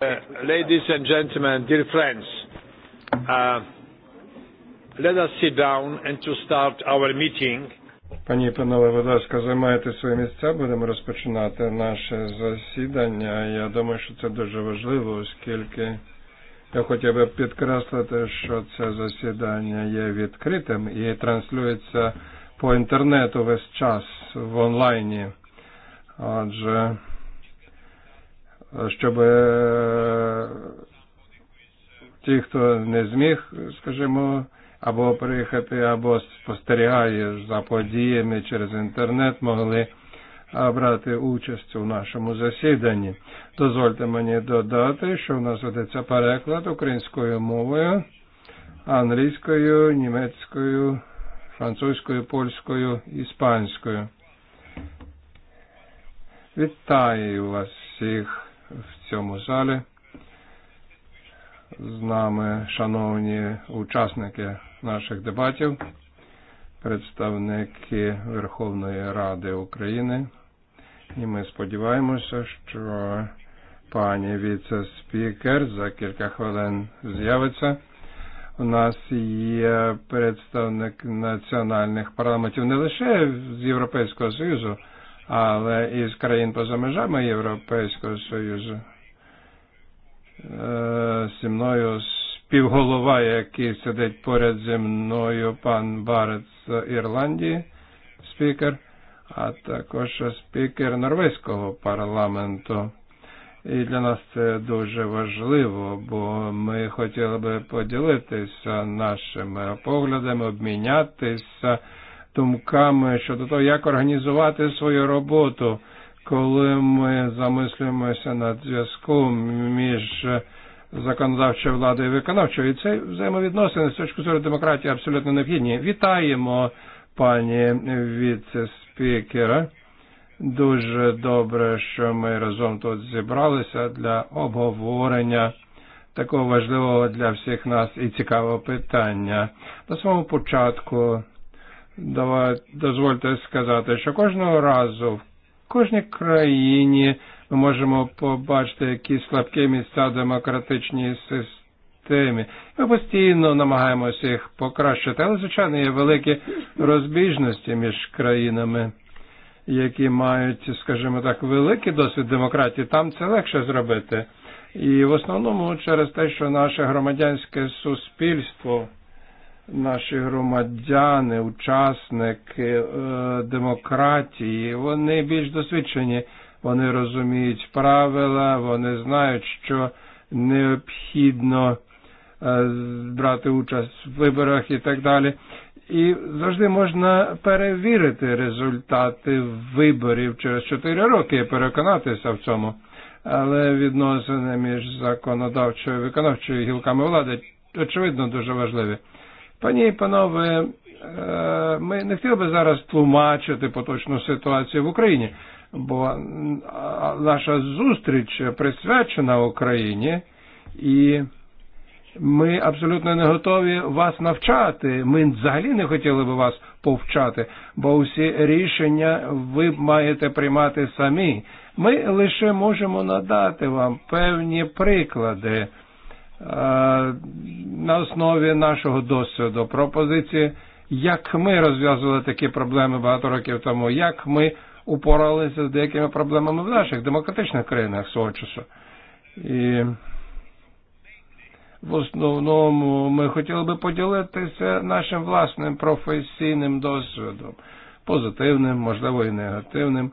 Uh, ladies and gentlemen, dear friends, uh, let us sit down and to start our meeting. Пані і панове, будь ласка, займайте свої місця, будемо розпочинати наше засідання. Я думаю, що це дуже важливо, оскільки я хотів би підкреслити, що це засідання є відкритим і транслюється по інтернету весь час в онлайні. Отже, щоб ті, хто не зміг, скажімо, або приїхати, або спостерігає за подіями через інтернет, могли брати участь у нашому засіданні. Дозвольте мені додати, що в нас ведеться переклад українською мовою, англійською, німецькою, французькою, польською, іспанською. Вітаю вас всіх! в цьому залі. З нами шановні учасники наших дебатів, представники Верховної Ради України. І ми сподіваємося, що пані віце-спікер за кілька хвилин з'явиться. У нас є представник національних парламентів не лише з Європейського Союзу, але із країн поза межами Європейського Союзу. Зі мною співголова, який сидить поряд зі мною, пан Барет з Ірландії, спікер, а також спікер Норвезького парламенту. І для нас це дуже важливо, бо ми хотіли би поділитися нашими поглядами, обмінятися думками щодо того, як організувати свою роботу, коли ми замислюємося над зв'язком між законодавчою владою і виконавчою. І це взаємовідносини з точки зору демократії абсолютно необхідні. Вітаємо пані віце-спікера. Дуже добре, що ми разом тут зібралися для обговорення такого важливого для всіх нас і цікавого питання. На самому початку Давай, дозвольте сказати, що кожного разу в кожній країні ми можемо побачити якісь слабкі місця демократичній системі. Ми постійно намагаємося їх покращити, але, звичайно, є великі розбіжності між країнами, які мають, скажімо так, великий досвід демократії. Там це легше зробити. І в основному через те, що наше громадянське суспільство наші громадяни, учасники э, демократії, вони більш досвідчені, вони розуміють правила, вони знають, що необхідно э, брати участь в виборах і так далі. І завжди можна перевірити результати виборів через 4 роки і переконатися в цьому. Але відносини між законодавчою і виконавчою гілками влади очевидно дуже важливі. Пані і панове, ми не хотіли би зараз тлумачити поточну ситуацію в Україні, бо наша зустріч присвячена Україні і ми абсолютно не готові вас навчати. Ми взагалі не хотіли би вас повчати, бо усі рішення ви маєте приймати самі. Ми лише можемо надати вам певні приклади на основі нашого досвіду, пропозиції, як ми розв'язували такі проблеми багато років тому, як ми упоралися з деякими проблемами в наших демократичних країнах свого часу. І в основному ми хотіли би поділитися нашим власним професійним досвідом, позитивним, можливо, і негативним,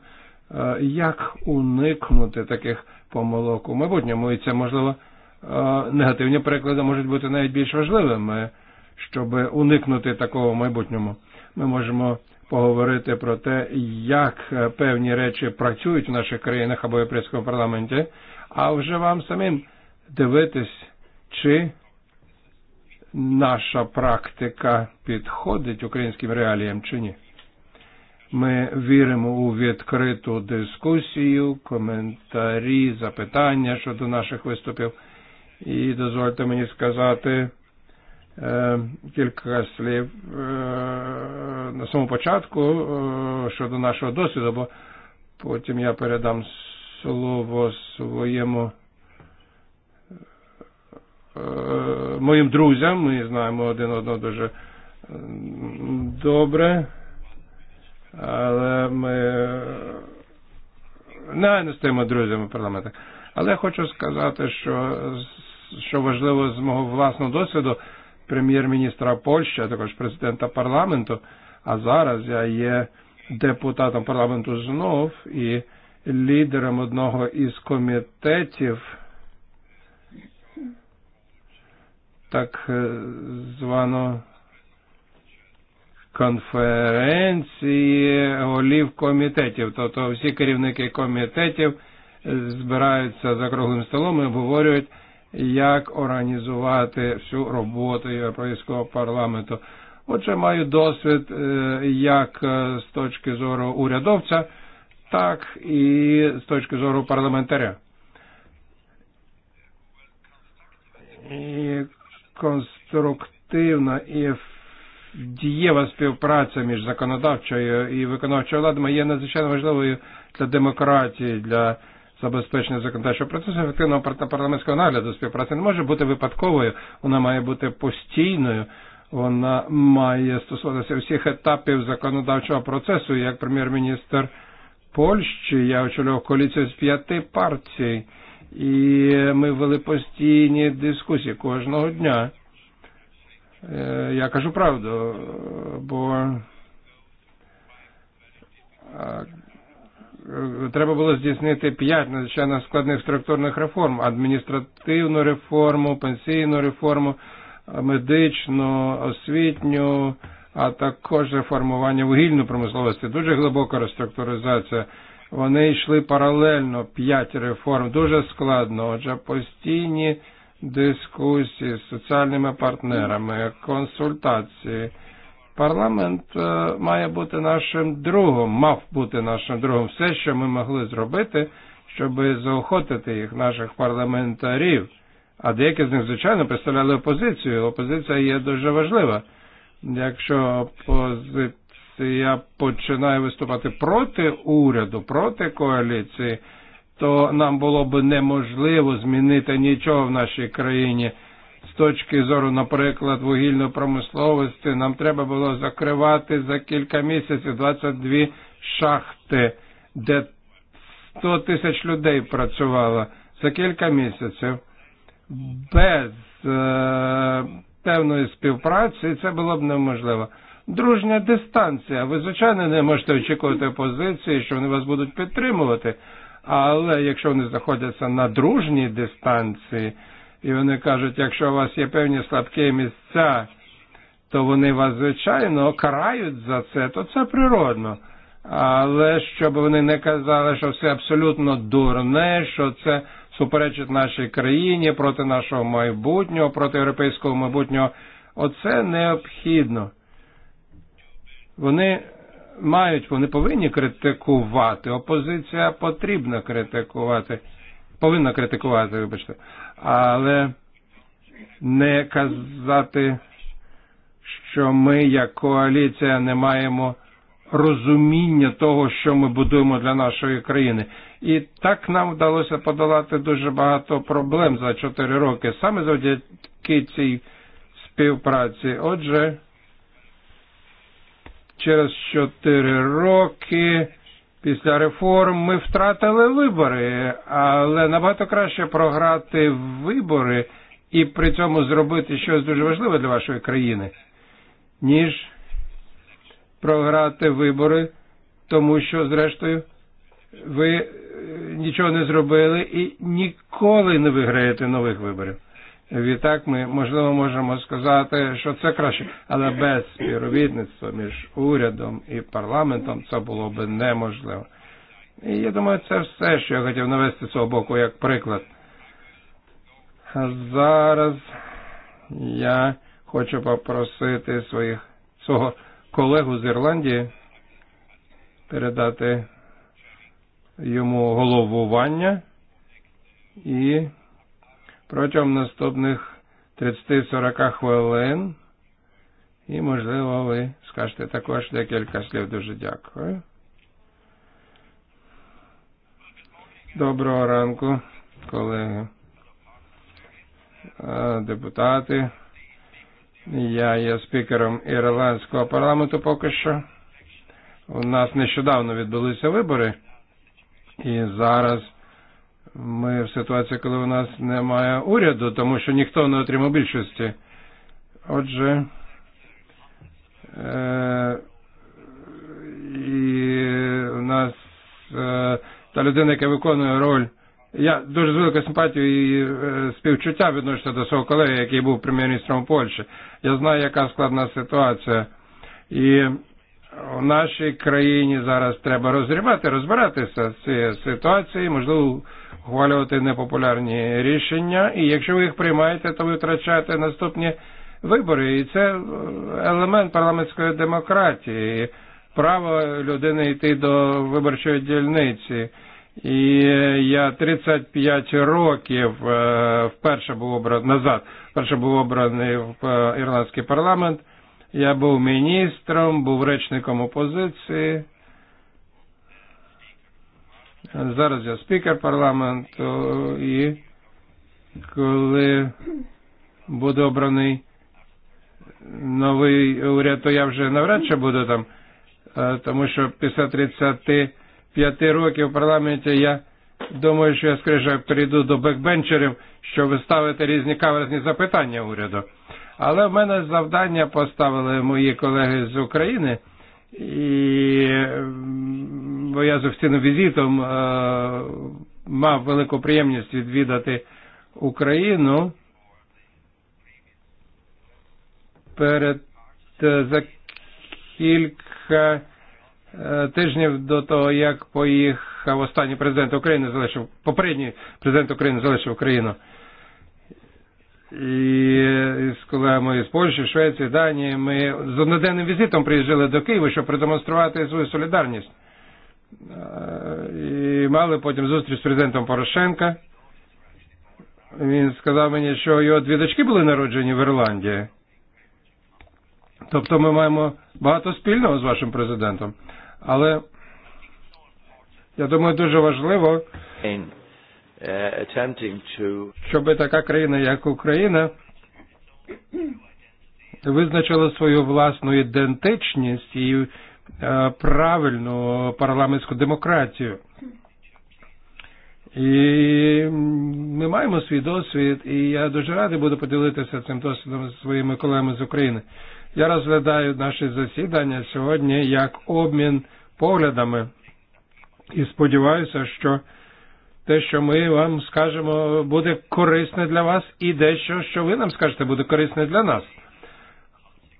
як уникнути таких помилок у майбутньому, і це можливо негативні приклади можуть бути навіть більш важливими, щоб уникнути такого в майбутньому. Ми можемо поговорити про те, як певні речі працюють в наших країнах або в європейському парламенті, а вже вам самим дивитись, чи наша практика підходить українським реаліям чи ні. Ми віримо у відкриту дискусію, коментарі, запитання щодо наших виступів – І дозвольте мені сказати кілька слів на самому початку щодо нашого досвіду, бо потім я передам слово своєму моїм друзям, ми знаємо один одного дуже добре, але ми не, не з тими друзями Але я хочу сказати, що що важливо з мого власного досвіду, прем'єр-міністра Польщі, а також президента парламенту, а зараз я є депутатом парламенту знов і лідером одного із комітетів так звано конференції голів комітетів, тобто всі керівники комітетів збираються за круглим столом і обговорюють як організувати всю роботу Європейського парламенту. Отже, маю досвід як з точки зору урядовця, так і з точки зору парламентаря. І конструктивна і дієва співпраця між законодавчою і виконавчою владами є надзвичайно важливою для демократії, для забезпечення законодавчого процесу, ефективного парламентського нагляду співпраці не може бути випадковою, вона має бути постійною. Вона має стосуватися всіх етапів законодавчого процесу. Як прем'єр-міністр Польщі я очолював коаліцію з п'яти партій, і ми вели постійні дискусії кожного дня. Я кажу правду, бо Э, треба було здійснити п'ять надзвичайно складних структурних реформ: адміністративну реформу, пенсійну реформу, медичну, освітню, а також реформування вугільної промисловості. Дуже глибока реструктуризація. Вони йшли паралельно п'ять реформ, дуже складно. Отже, постійні дискусії з соціальними партнерами, консультації. Парламент має бути нашим другом, мав бути нашим другом. Все, що ми могли зробити, щоб заохотити їх, наших парламентарів. А деякі з них, звичайно, представляли опозицію. Опозиція є дуже важлива. Якщо опозиція починає виступати проти уряду, проти коаліції, то нам було б неможливо змінити нічого в нашій країні – точки зору, наприклад, вугільної промисловості, нам треба було закривати за кілька місяців 22 шахти, де 100 тисяч людей працювало за кілька місяців без е, певної співпраці це було б неможливо. Дружня дистанція. Ви, звичайно, не можете очікувати позиції, що вони вас будуть підтримувати, але якщо вони знаходяться на дружній дистанції, і вони кажуть, якщо у вас є певні слабкі місця, то вони вас, звичайно, карають за це, то це природно. Але щоб вони не казали, що все абсолютно дурне, що це суперечить нашій країні, проти нашого майбутнього, проти європейського майбутнього, оце необхідно. Вони мають, вони повинні критикувати. Опозиція потрібна критикувати. Повинна критикувати, вибачте але не казати, що ми як коаліція не маємо розуміння того, що ми будуємо для нашої країни. І так нам вдалося подолати дуже багато проблем за 4 роки, саме завдяки цій співпраці. Отже, через 4 роки Після реформ ми втратили вибори, але набагато краще програти вибори і при цьому зробити щось дуже важливе для вашої країни, ніж програти вибори, тому що, зрештою, ви нічого не зробили і ніколи не виграєте нових виборів. Відтак ми, можливо, можемо сказати, що це краще, але без співробітництва між урядом і парламентом це було б неможливо. І я думаю, це все, що я хотів навести з цього боку як приклад. Зараз я хочу попросити своїх свого колегу з Ірландії передати йому головування і протягом наступних 30-40 хвилин. І, можливо, ви скажете також декілька слів. Дуже дякую. Доброго ранку, колеги. Депутати. Я є спікером Ірландського парламенту поки що. У нас нещодавно відбулися вибори. І зараз Ми в ситуації, коли у нас немає уряду, тому що ніхто не отримав більшості. Отже, е, э, і у нас е, э, та людина, яка виконує роль Я дуже з великою симпатією і співчуття відношуся до свого колеги, який був прем'єр-міністром Польщі. Я знаю, яка складна ситуація. І в нашій країні зараз треба розривати, розбиратися з цією ситуацією, можливо, ухвалювати непопулярні рішення, і якщо ви їх приймаєте, то ви втрачаєте наступні вибори. І це елемент парламентської демократії, право людини йти до виборчої дільниці. І я 35 років вперше був обраний назад, вперше був обраний в ірландський парламент. Я був міністром, був речником опозиції. Зараз я спікер парламенту і коли буде обраний новий уряд, то я вже навряд чи буду там, тому що після 35 років в парламенті я думаю, що я скоріше прийду до бекбенчерів, щоб ставити різні каверзні запитання уряду. Але в мене завдання поставили мої колеги з України – І бо э, я э, э, за візитом мав велику приємність відвідати Україну перед за кілька тижнів до того, як поїхав останній президент України залишив, попередній президент України залишив Україну. І куда мы з Польщі, Швеції, Данії, ми з одноденним візитом приїжджали до Києва, щоб продемонструвати свою солідарність. И мали потім зустріч з президентом Порошенка. Він сказав мені, що його дві дочки були народжені в Ірландії. Тобто ми маємо багато спільного з вашим президентом. Але я думаю, дуже важливо Uh, attempting to Щоб така країна, як Україна, визначила свою власну ідентичність і правильну парламентську демократію. І ми маємо свій досвід, і я дуже радий буду поділитися цим досвідом зі своїми колегами з України. Я розглядаю наші засідання сьогодні як обмін поглядами і сподіваюся, що те, що ми вам скажемо, буде корисне для вас, і дещо, що ви нам скажете, буде корисне для нас.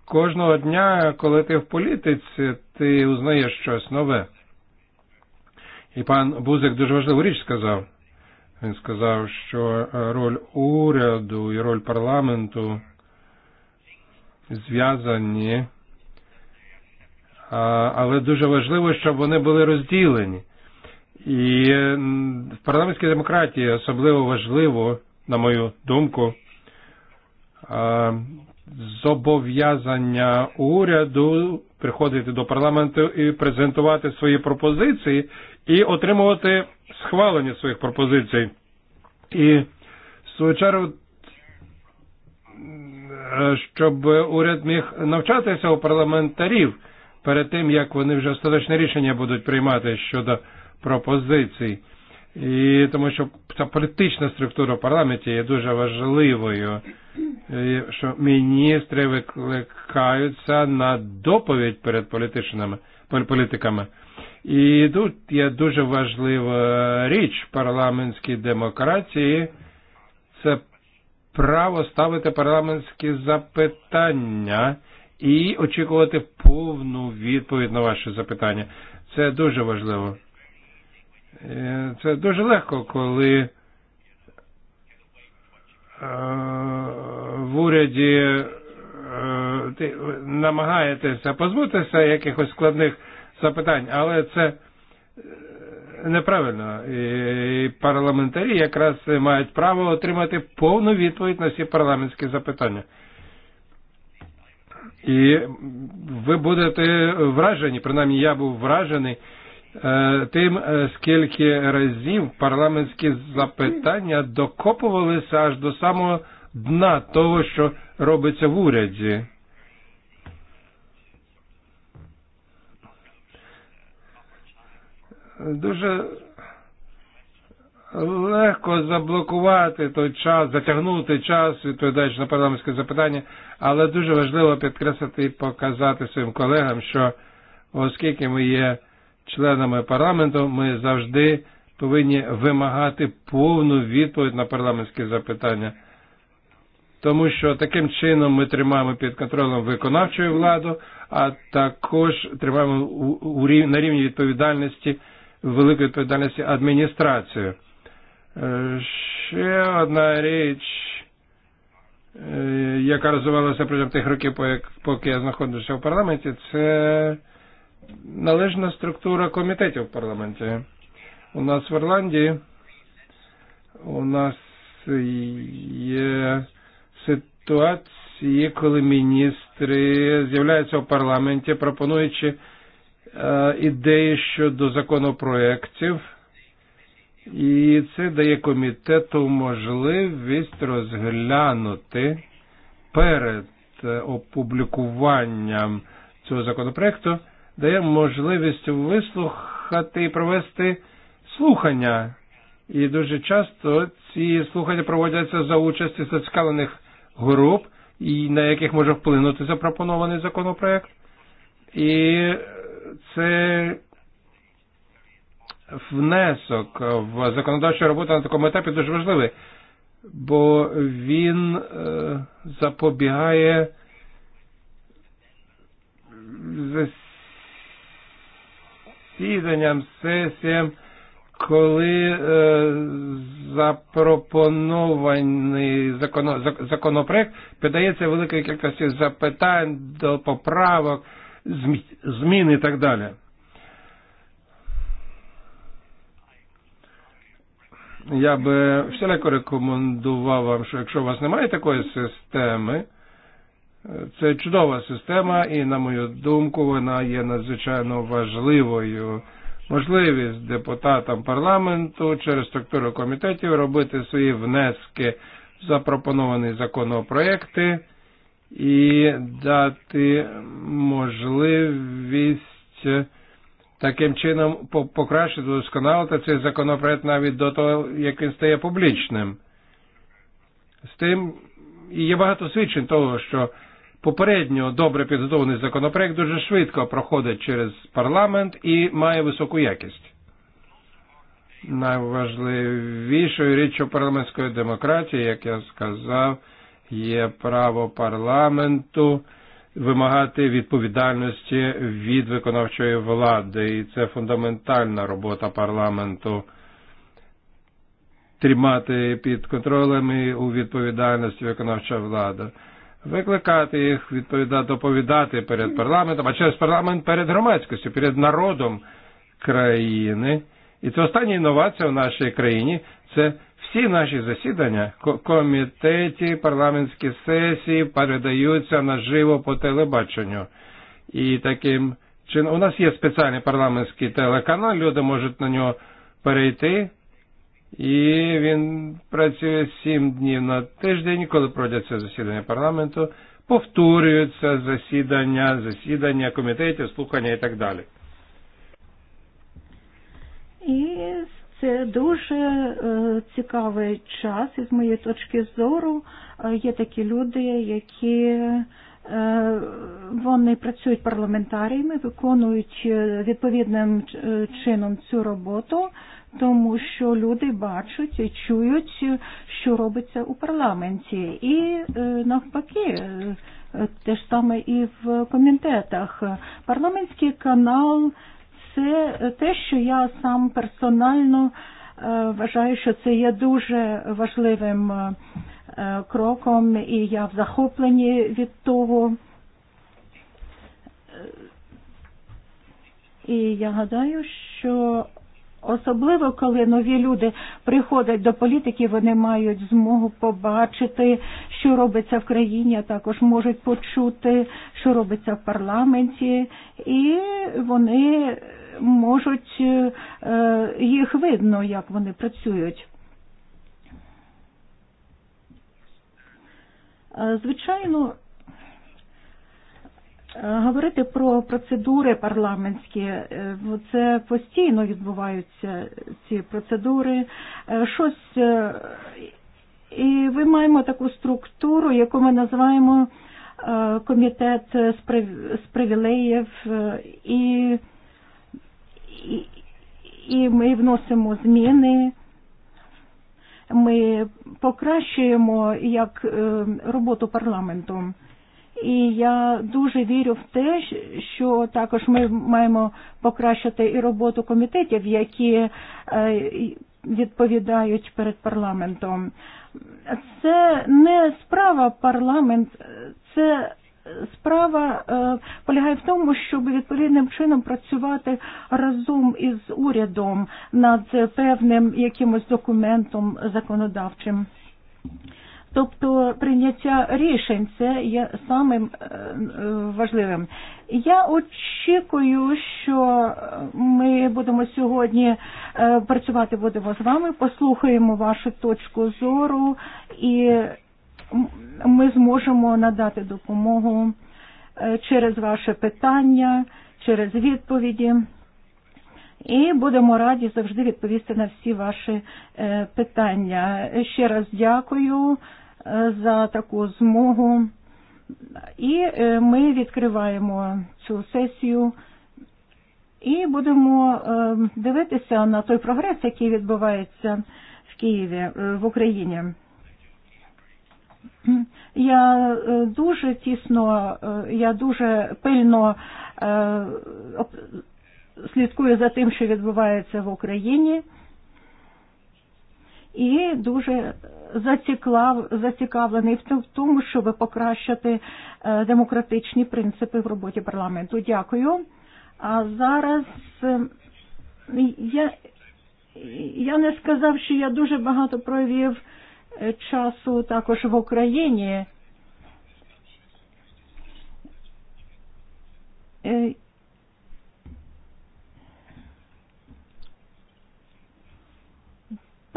Кожного дня, коли ти в політиці, ти узнаєш щось нове. І пан Бузик дуже важливу річ сказав. Він сказав, що роль уряду і роль парламенту зв'язані, але дуже важливо, щоб вони були розділені. І в парламентській демократії особливо важливо, на мою думку, зобов'язання уряду приходити до парламенту і презентувати свої пропозиції і отримувати схвалення своїх пропозицій. І в свою чергу, щоб уряд міг навчатися у парламентарів перед тим, як вони вже остаточне рішення будуть приймати щодо пропозицій. І тому що ця політична структура в парламенті є дуже важливою, що міністри викликаються на доповідь перед політичними політиками. І тут є дуже важлива річ в парламентській демократії це право ставити парламентські запитання і очікувати повну відповідь на ваші запитання. Це дуже важливо. Це дуже легко, коли в уряді намагаєтеся позбутися якихось складних запитань, але це неправильно. І парламентарі якраз мають право отримати повну відповідь на всі парламентські запитання. І ви будете вражені, принаймні я був вражений, Тим, скільки разів парламентські запитання докопувалися аж до самого дна того, що робиться в уряді. Дуже легко заблокувати той час, затягнути час, відповідаючи на парламентське запитання, але дуже важливо підкреслити і показати своїм колегам, що оскільки ми є членами парламенту, ми завжди повинні вимагати повну відповідь на парламентські запитання. Тому що таким чином ми тримаємо під контролем виконавчу владу, а також тримаємо у, у, на рівні відповідальності, великої відповідальності адміністрацію. Ще одна річ, яка розвивалася протягом тих років, поки я знаходжуся в парламенті, це належна структура комітетів в парламенті. У нас в Ірландії у нас є ситуації, коли міністри з'являються в парламенті, пропонуючи ідеї щодо законопроєктів, і це дає комітету можливість розглянути перед опублікуванням цього законопроекту дає можливість вислухати і провести слухання. І дуже часто ці слухання проводяться за участі зацікавлених груп, і на яких може вплинути запропонований законопроект. І це внесок в законодавчу роботу на такому етапі дуже важливий, бо він запобігає засіданням, сесіям, коли запропонований законопроект подається великої кількості запитань до поправок, змін і так далі. Я би всіляко рекомендував вам, що якщо у вас немає такої системи, Це чудова система і, на мою думку, вона є надзвичайно важливою. Можливість депутатам парламенту через структуру комітетів робити свої внески в запропоновані законопроекти і дати можливість таким чином покращити, удосконалити цей законопроект навіть до того, як він стає публічним. З тим, і є багато свідчень того, що Попередньо добре підготовлений законопроект дуже швидко проходить через парламент і має високу якість. Найважливішою річчю парламентської демократії, як я сказав, є право парламенту вимагати відповідальності від виконавчої влади. І це фундаментальна робота парламенту тримати під контролем і у відповідальності виконавча влада викликати їх відповідати, доповідати перед парламентом, а через парламент перед громадськістю, перед народом країни. І це остання інновація в нашій країні це всі наші засідання, комітеті, парламентські сесії передаються наживо по телебаченню. І таким чином у нас є спеціальний парламентський телеканал, люди можуть на нього перейти І він працює сім днів на тиждень, коли пройдеться засідання парламенту, повторюються засідання, засідання комітетів, слухання і так далі. І це дуже е, цікавий час, і з моєї точки зору е, є такі люди, які е, вони працюють парламентаріями, виконують відповідним чином цю роботу. Е, тому що люди бачать і чують, що робиться у парламенті. І навпаки, те ж саме і в комітетах. Парламентський канал це те, що я сам персонально вважаю, що це є дуже важливим кроком, і я в захопленні від того. І я гадаю, що Особливо, коли нові люди приходять до політики, вони мають змогу побачити, що робиться в країні, а також можуть почути, що робиться в парламенті, і вони можуть, їх видно, як вони працюють. Звичайно, Говорити про процедури парламентські, це постійно відбуваються ці процедури. Щось і ми маємо таку структуру, яку ми називаємо комітет з привілеїв і, і, і ми вносимо зміни. Ми покращуємо як роботу парламенту. І я дуже вірю в те, що також ми маємо покращити і роботу комітетів, які відповідають перед парламентом. Це не справа парламент, це справа полягає в тому, щоб відповідним чином працювати разом із урядом над певним якимось документом законодавчим. Тобто прийняття рішень це є самим важливим. Я очікую, що ми будемо сьогодні працювати будемо з вами, послухаємо вашу точку зору і ми зможемо надати допомогу через ваше питання, через відповіді. І будемо раді завжди відповісти на всі ваші питання. Ще раз дякую за таку змогу. І ми відкриваємо цю сесію і будемо дивитися на той прогрес, який відбувається в Києві, в Україні. Я дуже тісно, я дуже пильно слідкую за тим, що відбувається в Україні і дуже заціклав, зацікавлений в тому, щоб покращити демократичні принципи в роботі парламенту. Дякую. А зараз я, я не сказав, що я дуже багато провів часу також в Україні.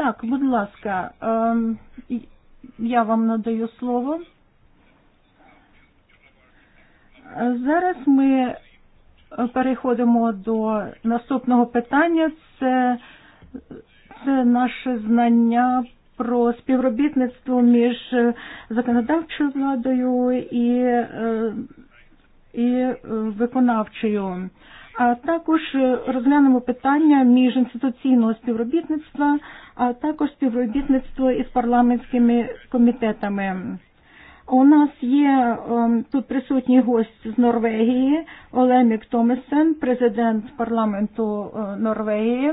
Так, будь ласка, я вам надаю слово. Зараз ми переходимо до наступного питання. Це, це наше знання про співробітництво між законодавчою владою і, і виконавчою а також розглянемо питання міжінституційного співробітництва, а також співробітництво із парламентськими комітетами. У нас є тут присутній гость з Норвегії Олемік Томесен, президент парламенту Норвегії.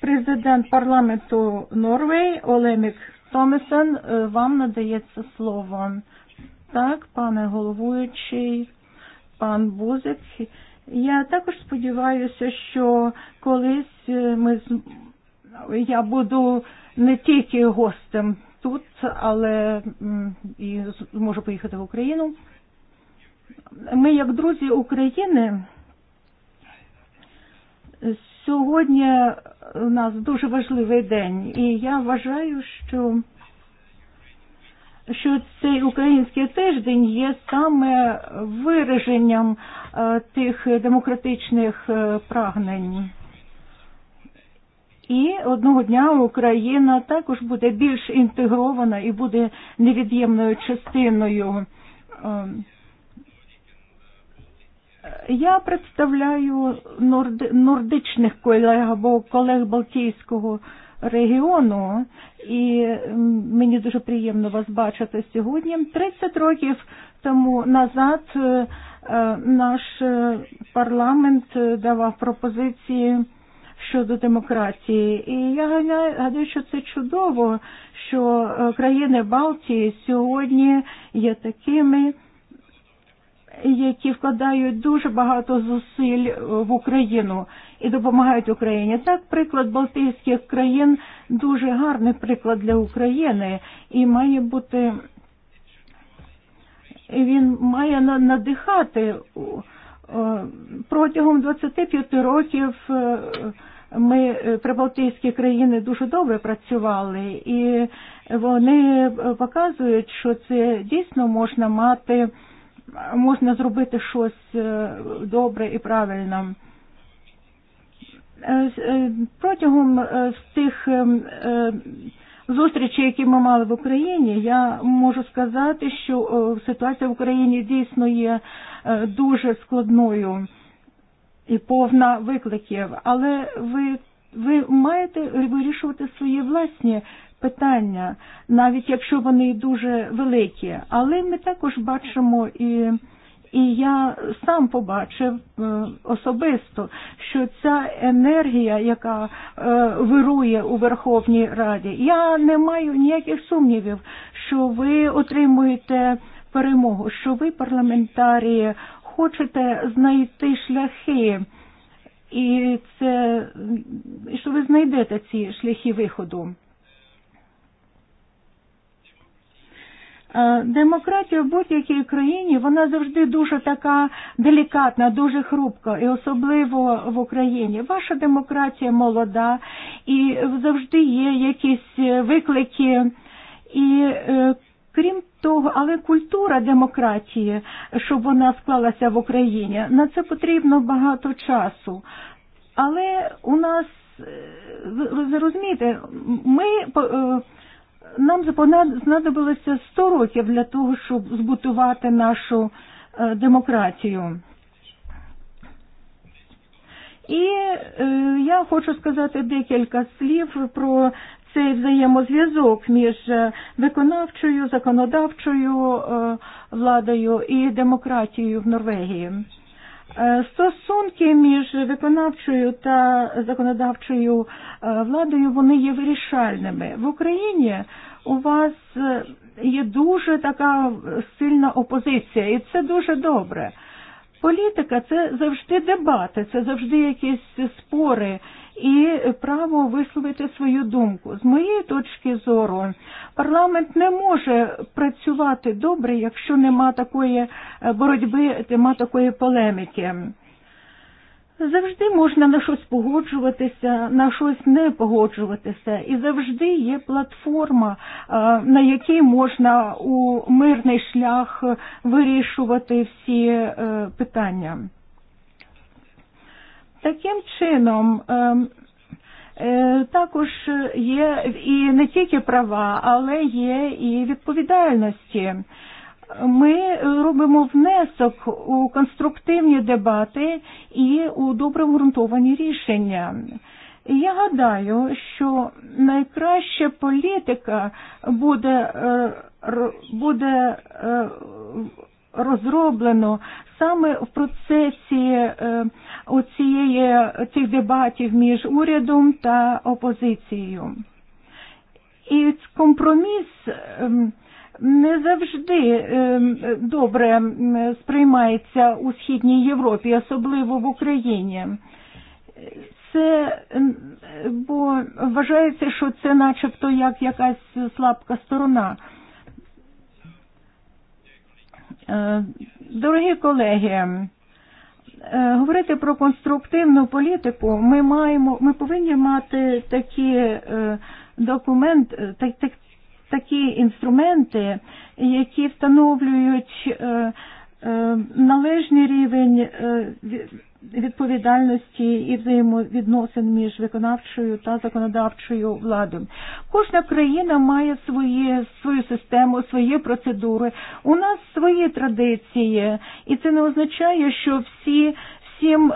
Президент парламенту Норвегії Олемік Томесен, вам надається слово. Так, пане головуючий, пан Бузик. Я також сподіваюся, що колись ми з я буду не тільки гостем тут, але і зможу поїхати в Україну. Ми, як друзі України, сьогодні у нас дуже важливий день, і я вважаю, що що цей український тиждень є саме вираженням э, тих демократичних э, прагнень. І одного дня Україна також буде більш інтегрована і буде невід'ємною частиною. Э, Я представляю нордичних колег або колег Балтійського регіону, і мені дуже приємно вас бачити сьогодні. 30 років тому назад наш парламент давав пропозиції щодо демократії. І я гадаю, що це чудово, що країни Балтії сьогодні є такими які вкладають дуже багато зусиль в Україну і допомагають Україні. Так, приклад Балтійських країн дуже гарний приклад для України і має бути він має надихати протягом 25 років ми прибалтійські країни дуже добре працювали і вони показують, що це дійсно можна мати можна зробити щось добре і правильно. Протягом тих зустрічей, які ми мали в Україні, я можу сказати, що ситуація в Україні дійсно є дуже складною і повна викликів, але ви ви маєте вирішувати свої власні питання, навіть якщо вони дуже великі. Але ми також бачимо і. І я сам побачив особисто, що ця енергія, яка вирує у Верховній Раді, я не маю ніяких сумнівів, що ви отримуєте перемогу, що ви, парламентарії, хочете знайти шляхи. І це що ви знайдете ці шляхи виходу. Демократія в будь-якій країні вона завжди дуже така делікатна, дуже хрупка, і особливо в Україні. Ваша демократія молода, і завжди є якісь виклики. І крім того, але культура демократії, щоб вона склалася в Україні, на це потрібно багато часу. Але у нас, ви зрозумієте, ми Нам знадобилося 100 років для того, щоб збудувати нашу демократію. І я хочу сказати декілька слів про цей взаємозв'язок між виконавчою, законодавчою владою і демократією в Норвегії. Стосунки між виконавчою та законодавчою владою вони є вирішальними. В Україні у вас є дуже така сильна опозиція, і це дуже добре. Політика це завжди дебати, це завжди якісь спори і право висловити свою думку. З моєї точки зору, парламент не може працювати добре, якщо нема такої боротьби, нема такої полеміки. Завжди можна на щось погоджуватися, на щось не погоджуватися, і завжди є платформа, на якій можна у мирний шлях вирішувати всі питання. Таким чином, також є і не тільки права, але є і відповідальності. Ми робимо внесок у конструктивні дебати і у добре обґрунтовані рішення. Я гадаю, що найкраща політика буде, буде розроблено саме в процесі оцієї, цих дебатів між урядом та опозицією. І компроміс не завжди добре сприймається у Східній Європі, особливо в Україні. Це, бо вважається, що це начебто як якась слабка сторона. Дорогі колеги, говорити про конструктивну політику, ми маємо, ми повинні мати такі документ, так, так, такі інструменти, які встановлюють належний рівень відповідальності і взаємовідносин між виконавчою та законодавчою владою. Кожна країна має свої, свою систему, свої процедури. У нас свої традиції, і це не означає, що всі всім,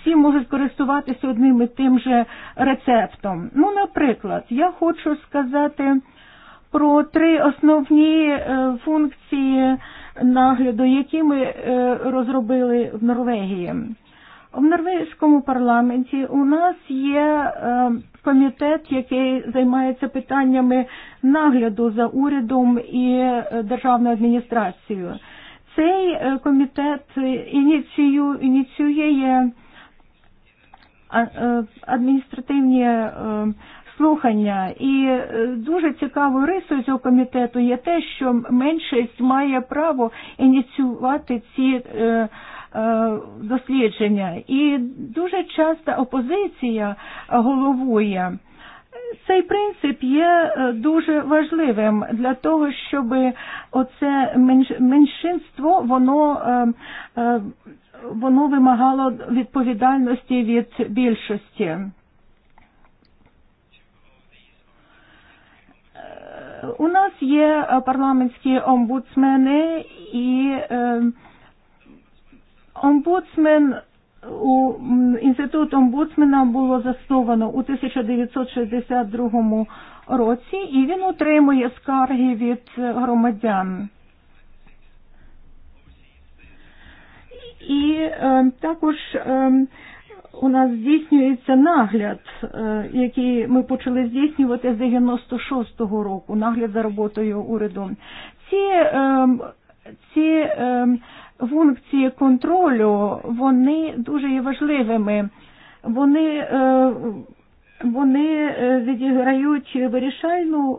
всі можуть користуватися одним і тим же рецептом. Ну, наприклад, я хочу сказати про три основні функції нагляду, які ми розробили в Норвегії. В норвезькому парламенті у нас є комітет, який займається питаннями нагляду за урядом і державною адміністрацією. Цей комітет ініціює адміністративні слухання. І дуже цікавою рисою цього комітету є те, що меншість має право ініціювати ці дослідження. І дуже часто опозиція головує Цей принцип є дуже важливим для того, щоб оце меншинство воно, воно вимагало відповідальності від більшості. У нас є парламентські омбудсмени і омбудсмен У інститут омбудсмена було засновано у 1962 році, і він отримує скарги від громадян. І е, також е, у нас здійснюється нагляд, е, який ми почали здійснювати з 96-го року, нагляд за роботою уряду. Ці, е, ці е, функції контролю, вони дуже є важливими. Вони, вони відіграють вирішальну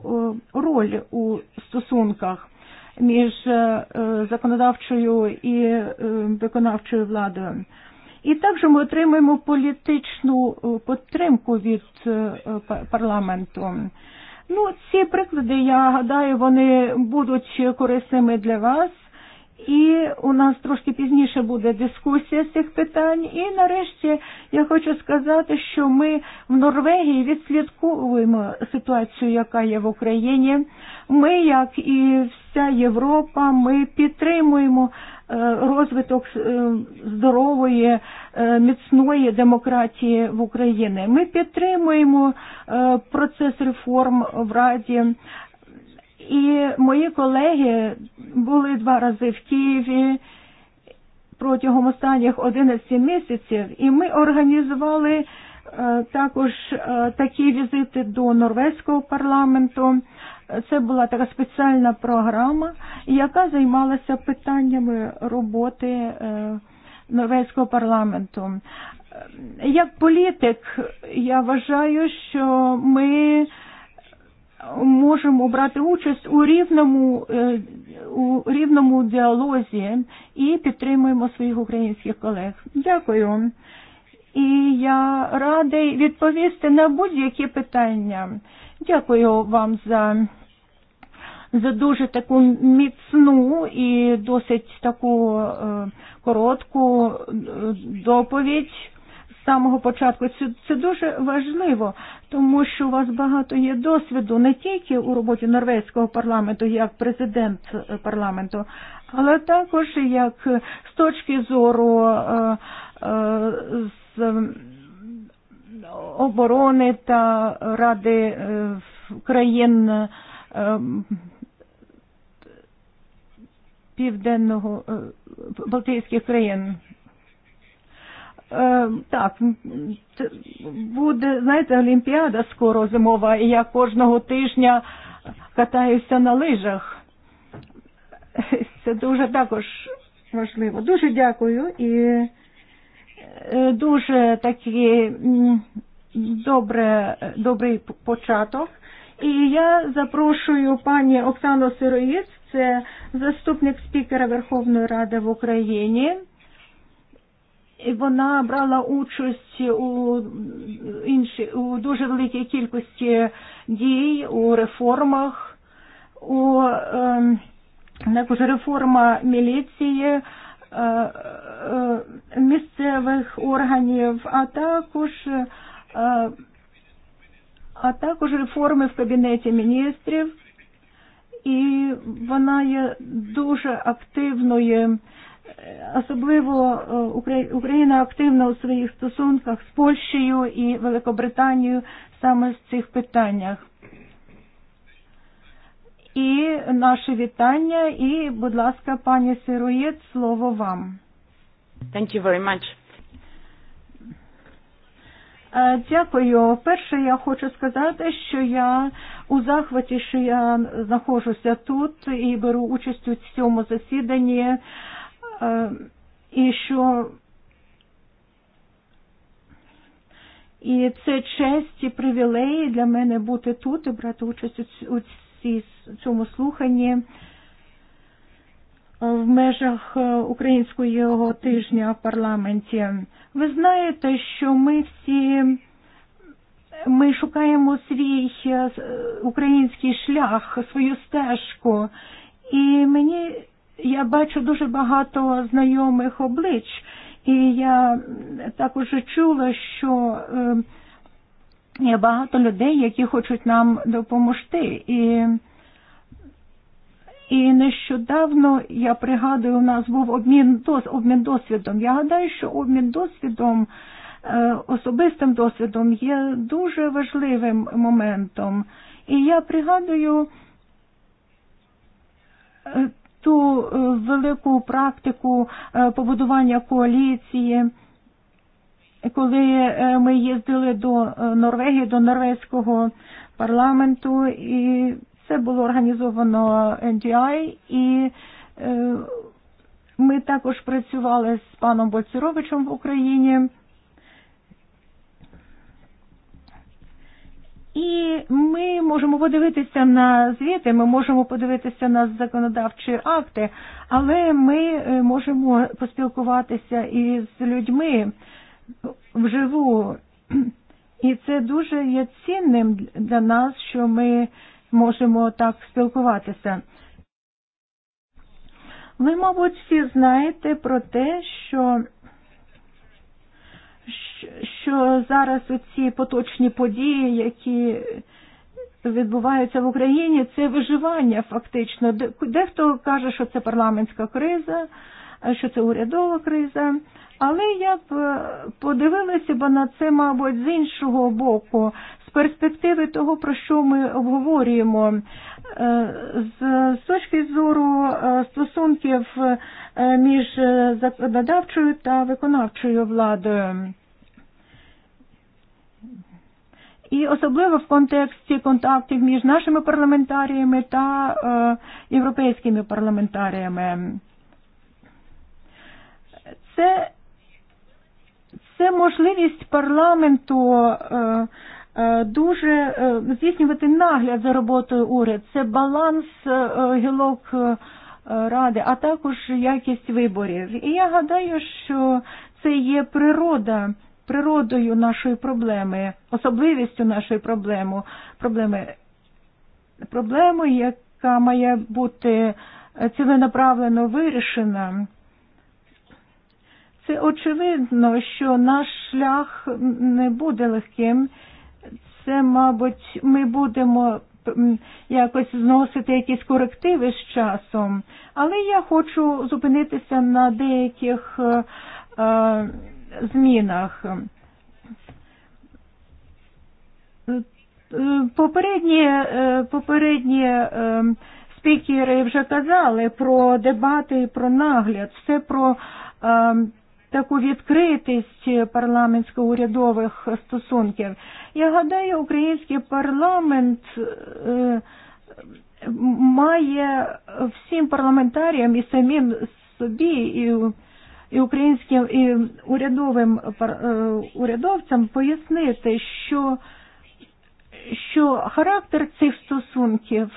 роль у стосунках між законодавчою і виконавчою владою. І також ми отримуємо політичну підтримку від парламенту. Ну, ці приклади, я гадаю, вони будуть корисними для вас І у нас трошки пізніше буде дискусія з цих питань. І нарешті я хочу сказати, що ми в Норвегії відслідковуємо ситуацію, яка є в Україні. Ми, як і вся Європа, ми підтримуємо розвиток здорової, міцної демократії в Україні. Ми підтримуємо процес реформ в Раді, І мої колеги були два рази в Києві протягом останніх 11 місяців, і ми організували також такі візити до норвезького парламенту. Це була така спеціальна програма, яка займалася питаннями роботи норвезького парламенту. Як політик, я вважаю, що ми можемо брати участь у рівному, у рівному діалозі і підтримуємо своїх українських колег. Дякую. І я радий відповісти на будь-які питання. Дякую вам за, за дуже таку міцну і досить таку е, коротку доповідь самого початку. Це дуже важливо, тому що у вас багато є досвіду не тільки у роботі норвезького парламенту як президент парламенту, але також як з точки зору е, е, з оборони та ради е, країн південного Балтійських країн. Так, буде, знаєте, Олімпіада скоро зимова, і я кожного тижня катаюся на лижах. Це дуже також важливо. Дуже дякую і дуже такий добре, добрий початок. І я запрошую пані Оксану Сироїць, це заступник спікера Верховної Ради в Україні вона брала участь у інші у дуже великій кількості дій у реформах, у е, також реформа міліції місцевих органів, а також а також реформи в кабінеті міністрів. І вона є дуже активною Особливо Україна активна у своїх стосунках з Польщею і Великобританією саме з цих питаннях. І наше вітання, і, будь ласка, пані Сироєт, слово вам. Thank you very much. Дякую. Перше, я хочу сказати, що я у захваті, що я знаходжуся тут і беру участь у цьому засіданні еще І це честь і привілеї для мене бути тут і брати участь у цій, цьому слуханні в межах українського тижня в парламенті. Ви знаєте, що ми всі ми шукаємо свій український шлях, свою стежку. І мені я бачу дуже багато знайомих облич, і я також чула, що є багато людей, які хочуть нам допомогти. І і нещодавно я пригадую, у нас був обмін дос обмін досвідом. Я гадаю, що обмін досвідом, особистим досвідом є дуже важливим моментом. І я пригадую ту велику практику побудування коаліції. Коли ми їздили до Норвегії, до норвезького парламенту, і це було організовано NDI, і ми також працювали з паном Больцеровичем в Україні. І ми можемо подивитися на звіти, ми можемо подивитися на законодавчі акти, але ми можемо поспілкуватися із людьми вживу. І це дуже є цінним для нас, що ми можемо так спілкуватися. Ви, мабуть, всі знаєте про те, що що зараз ці поточні події, які відбуваються в Україні, це виживання фактично. Дехто каже, що це парламентська криза, що це урядова криза. Але я б подивилася б на це, мабуть, з іншого боку, з перспективи того, про що ми обговорюємо, з точки зору стосунків між законодавчою та виконавчою владою. І особливо в контексті контактів між нашими парламентаріями та е, європейськими парламентаріями це, це можливість парламенту дуже здійснювати нагляд за роботою уряд. Це баланс гілок ради, а також якість виборів. І я гадаю, що це є природа, природою нашої проблеми, особливістю нашої проблеми, проблеми, проблеми яка має бути ціленаправлено вирішена очевидно, що наш шлях не буде легким. Це, мабуть, ми будемо якось зносити якісь корективи з часом. Але я хочу зупинитися на деяких е, змінах. Попередні, попередні спікери вже казали про дебати і про нагляд. Все про таку відкритість парламентсько-урядових стосунків. Я гадаю, український парламент э, має всім парламентаріям і самим собі і і українським і урядовим э, урядовцям пояснити, що, що характер цих стосунків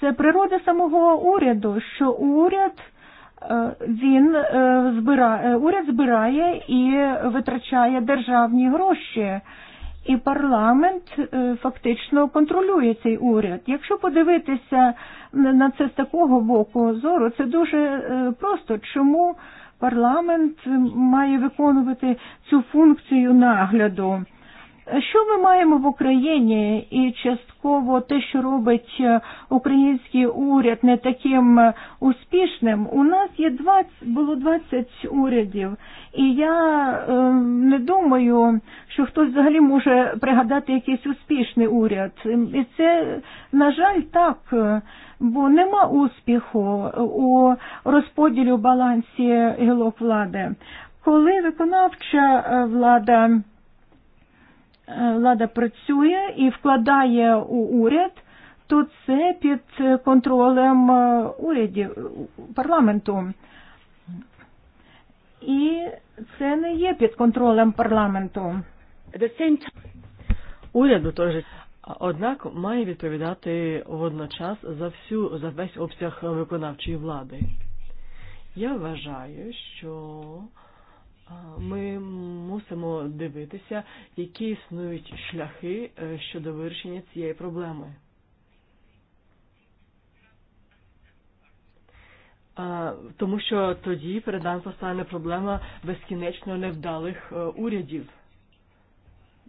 це природа самого уряду, що уряд Він збирає, уряд збирає і витрачає державні гроші, і парламент фактично контролює цей уряд. Якщо подивитися на це з такого боку зору, це дуже просто. Чому парламент має виконувати цю функцію нагляду? Що ми маємо в Україні і частково те, що робить український уряд не таким успішним? У нас є 20, було 20 урядів, і я е, не думаю, що хтось взагалі може пригадати якийсь успішний уряд. І це, на жаль, так, бо нема успіху у розподілі балансі гілок влади. Коли виконавча влада влада працює і вкладає у уряд, то це під контролем урядів парламенту. І це не є під контролем парламенту. Уряду теж. Однак має відповідати водночас за всю за весь обсяг виконавчої влади. Я вважаю, що Ми мусимо дивитися, які існують шляхи щодо вирішення цієї проблеми. Тому що тоді перед нами постане проблема безкінечно невдалих урядів,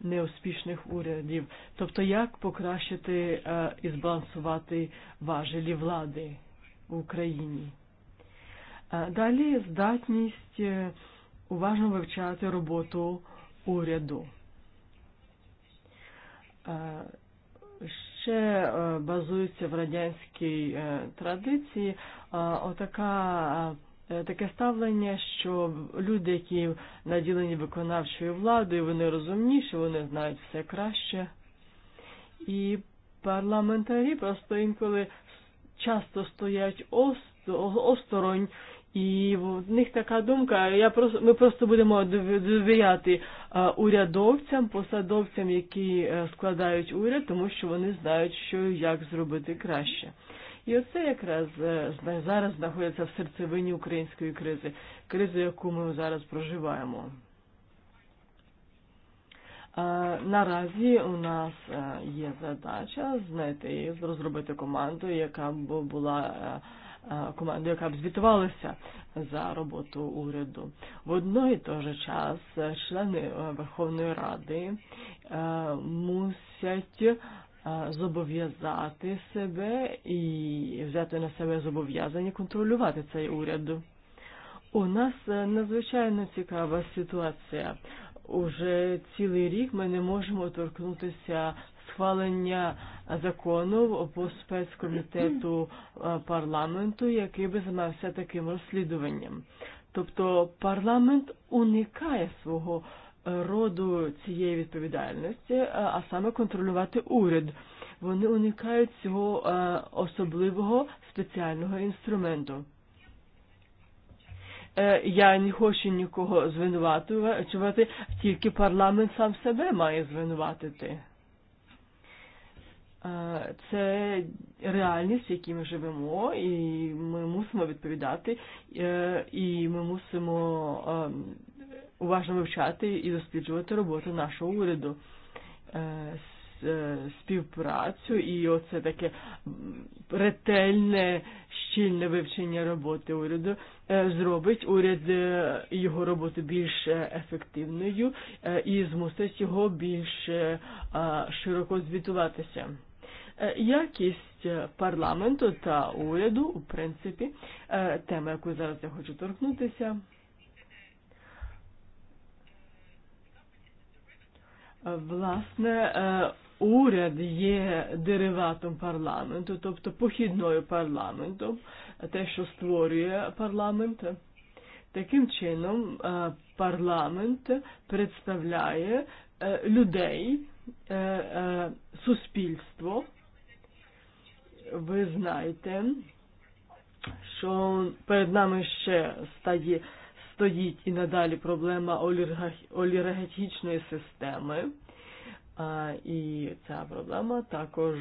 неуспішних урядів. Тобто, як покращити і збалансувати важелі влади в Україні. Далі здатність уважно вивчати роботу уряду. Ще базується в радянській традиції отака таке ставлення, що люди, які наділені виконавчою владою, вони розумніші, вони знають все краще. І парламентарі просто інколи часто стоять осторонь І в них така думка, я просто, ми просто будемо довіряти урядовцям, посадовцям, які складають уряд, тому що вони знають, що як зробити краще. І оце якраз зараз знаходиться в серцевині української кризи, кризи, яку ми зараз проживаємо. Наразі у нас є задача знайти, розробити команду, яка була командою, яка б звітувалася за роботу уряду. В одно і той же час члени Верховної Ради мусять зобов'язати себе і взяти на себе зобов'язання контролювати цей уряд. У нас надзвичайно цікава ситуація. Уже цілий рік ми не можемо торкнутися схвалення закону по спецкомітету парламенту, який би займався таким розслідуванням. Тобто парламент уникає свого роду цієї відповідальності, а саме контролювати уряд. Вони уникають цього особливого спеціального інструменту. Я не хочу нікого звинуватувати, тільки парламент сам себе має звинуватити. Це реальність, в якій ми живемо, і ми мусимо відповідати, і ми мусимо уважно вивчати і досліджувати роботу нашого уряду співпрацю і оце таке ретельне, щільне вивчення роботи уряду зробить уряд його роботу більш ефективною і змусить його більш широко звітуватися. Якість парламенту та уряду, у принципі, тема, яку зараз я хочу торкнутися. Власне, уряд є дериватом парламенту, тобто похідною парламенту, те, що створює парламент. Таким чином, парламент представляє людей, суспільство, ви знаєте, що перед нами ще стає, стоїть і надалі проблема олігархічної системи. А, і ця проблема також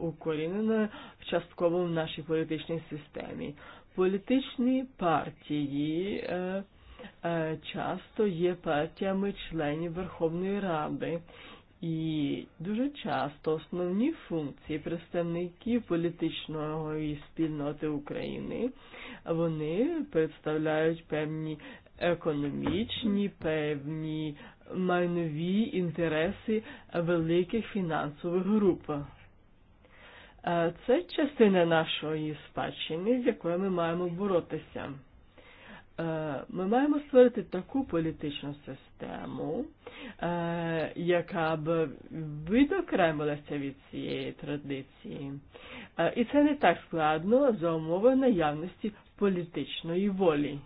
укорінена частково в нашій політичній системі. Політичні партії е, е, часто є партіями членів Верховної Ради І дуже часто основні функції представників політичної спільноти України вони представляють певні економічні, певні майнові інтереси великих фінансових груп. Це частина нашої спадщини, з якою ми маємо боротися. Ми маємо створити таку політичну систему, яка б відокремилася від цієї традиції. І це не так складно за умови наявності політичної волі.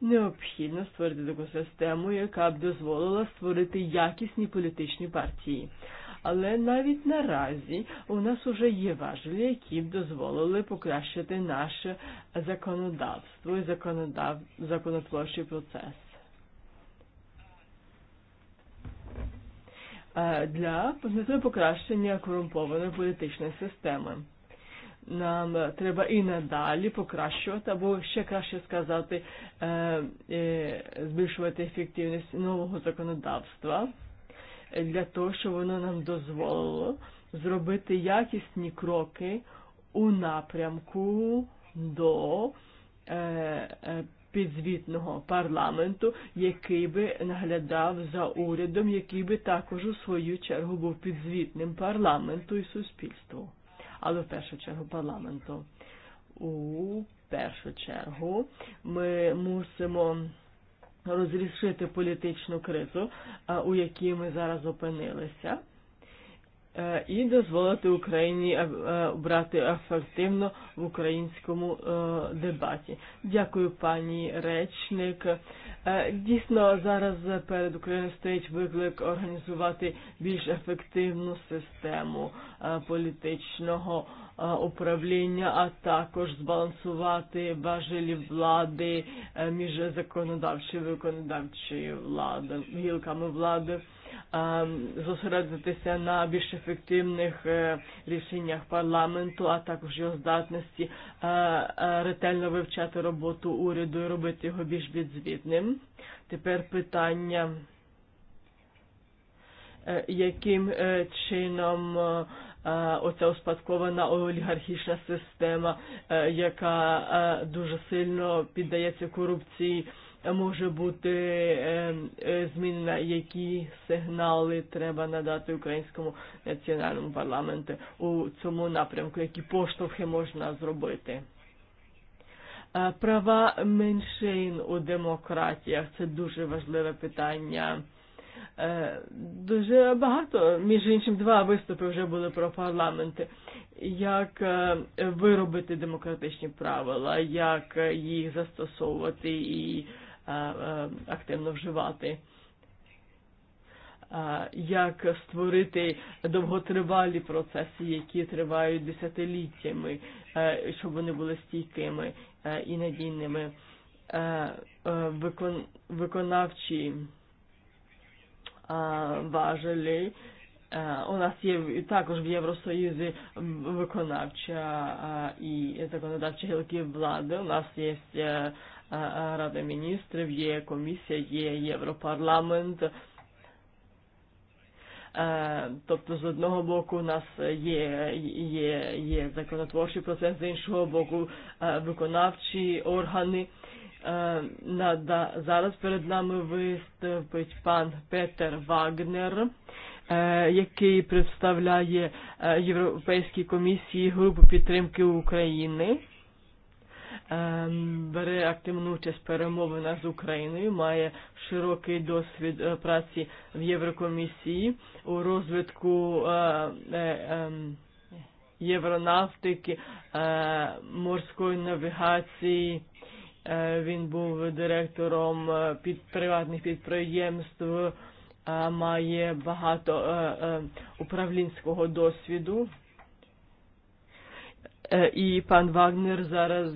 Необхідно створити таку систему, яка б дозволила створити якісні політичні партії але навіть наразі у нас уже є важелі, які б дозволили покращити наше законодавство і законодав... законотворчий процес. Для покращення корумпованої політичної системи нам треба і надалі покращувати, або ще краще сказати, збільшувати ефективність нового законодавства для того, що воно нам дозволило зробити якісні кроки у напрямку до э, э, підзвітного парламенту, який би наглядав за урядом, який би також у свою чергу був підзвітним парламенту і суспільству, але в першу чергу парламенту. У першу чергу ми мусимо розрішити політичну кризу, у якій ми зараз опинилися, і дозволити Україні брати ефективно в українському дебаті. Дякую, пані речник. Дійсно, зараз перед Україною стоїть виклик організувати більш ефективну систему політичного управління, а також збалансувати важелі влади між законодавчою і виконодавчою владою, гілками влади, зосередитися на більш ефективних рішеннях парламенту, а також його здатності ретельно вивчати роботу уряду і робити його більш відзвітним. Тепер питання яким чином оця успадкована олігархічна система, яка дуже сильно піддається корупції, може бути змінена, які сигнали треба надати українському національному парламенту у цьому напрямку, які поштовхи можна зробити. Права меншин у демократіях це дуже важливе питання. Дуже багато, між іншим, два виступи вже були про парламенти. Як виробити демократичні правила, як їх застосовувати і активно вживати, як створити довготривалі процеси, які тривають десятиліттями, щоб вони були стійкими і надійними виконавчі важили. У нас є також в Євросоюзі виконавча і законодавча гілки влади. У нас є Рада міністрів, є комісія, є Європарламент. Тобто з одного боку у нас є, є, є законотворчий процес, з іншого боку виконавчі органи da, э, зараз перед нами виступить пан Петер Вагнер, який представляє Європейській комісії групу підтримки України. Бере активну участь в перемовинах з Україною, має широкий досвід праці в Єврокомісії у розвитку євронавтики, морської навігації Він був директором під приватних підприємств, має багато управлінського досвіду і пан Вагнер зараз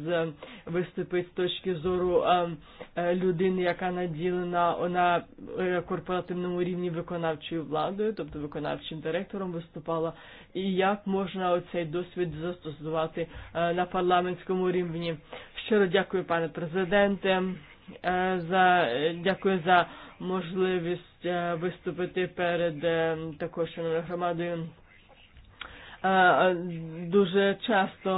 виступить з точки зору людини, яка наділена на корпоративному рівні виконавчою владою, тобто виконавчим директором виступала, і як можна оцей досвід застосувати на парламентському рівні. Щиро дякую, пане президенте, за дякую за можливість виступити перед також шановною громадою дуже часто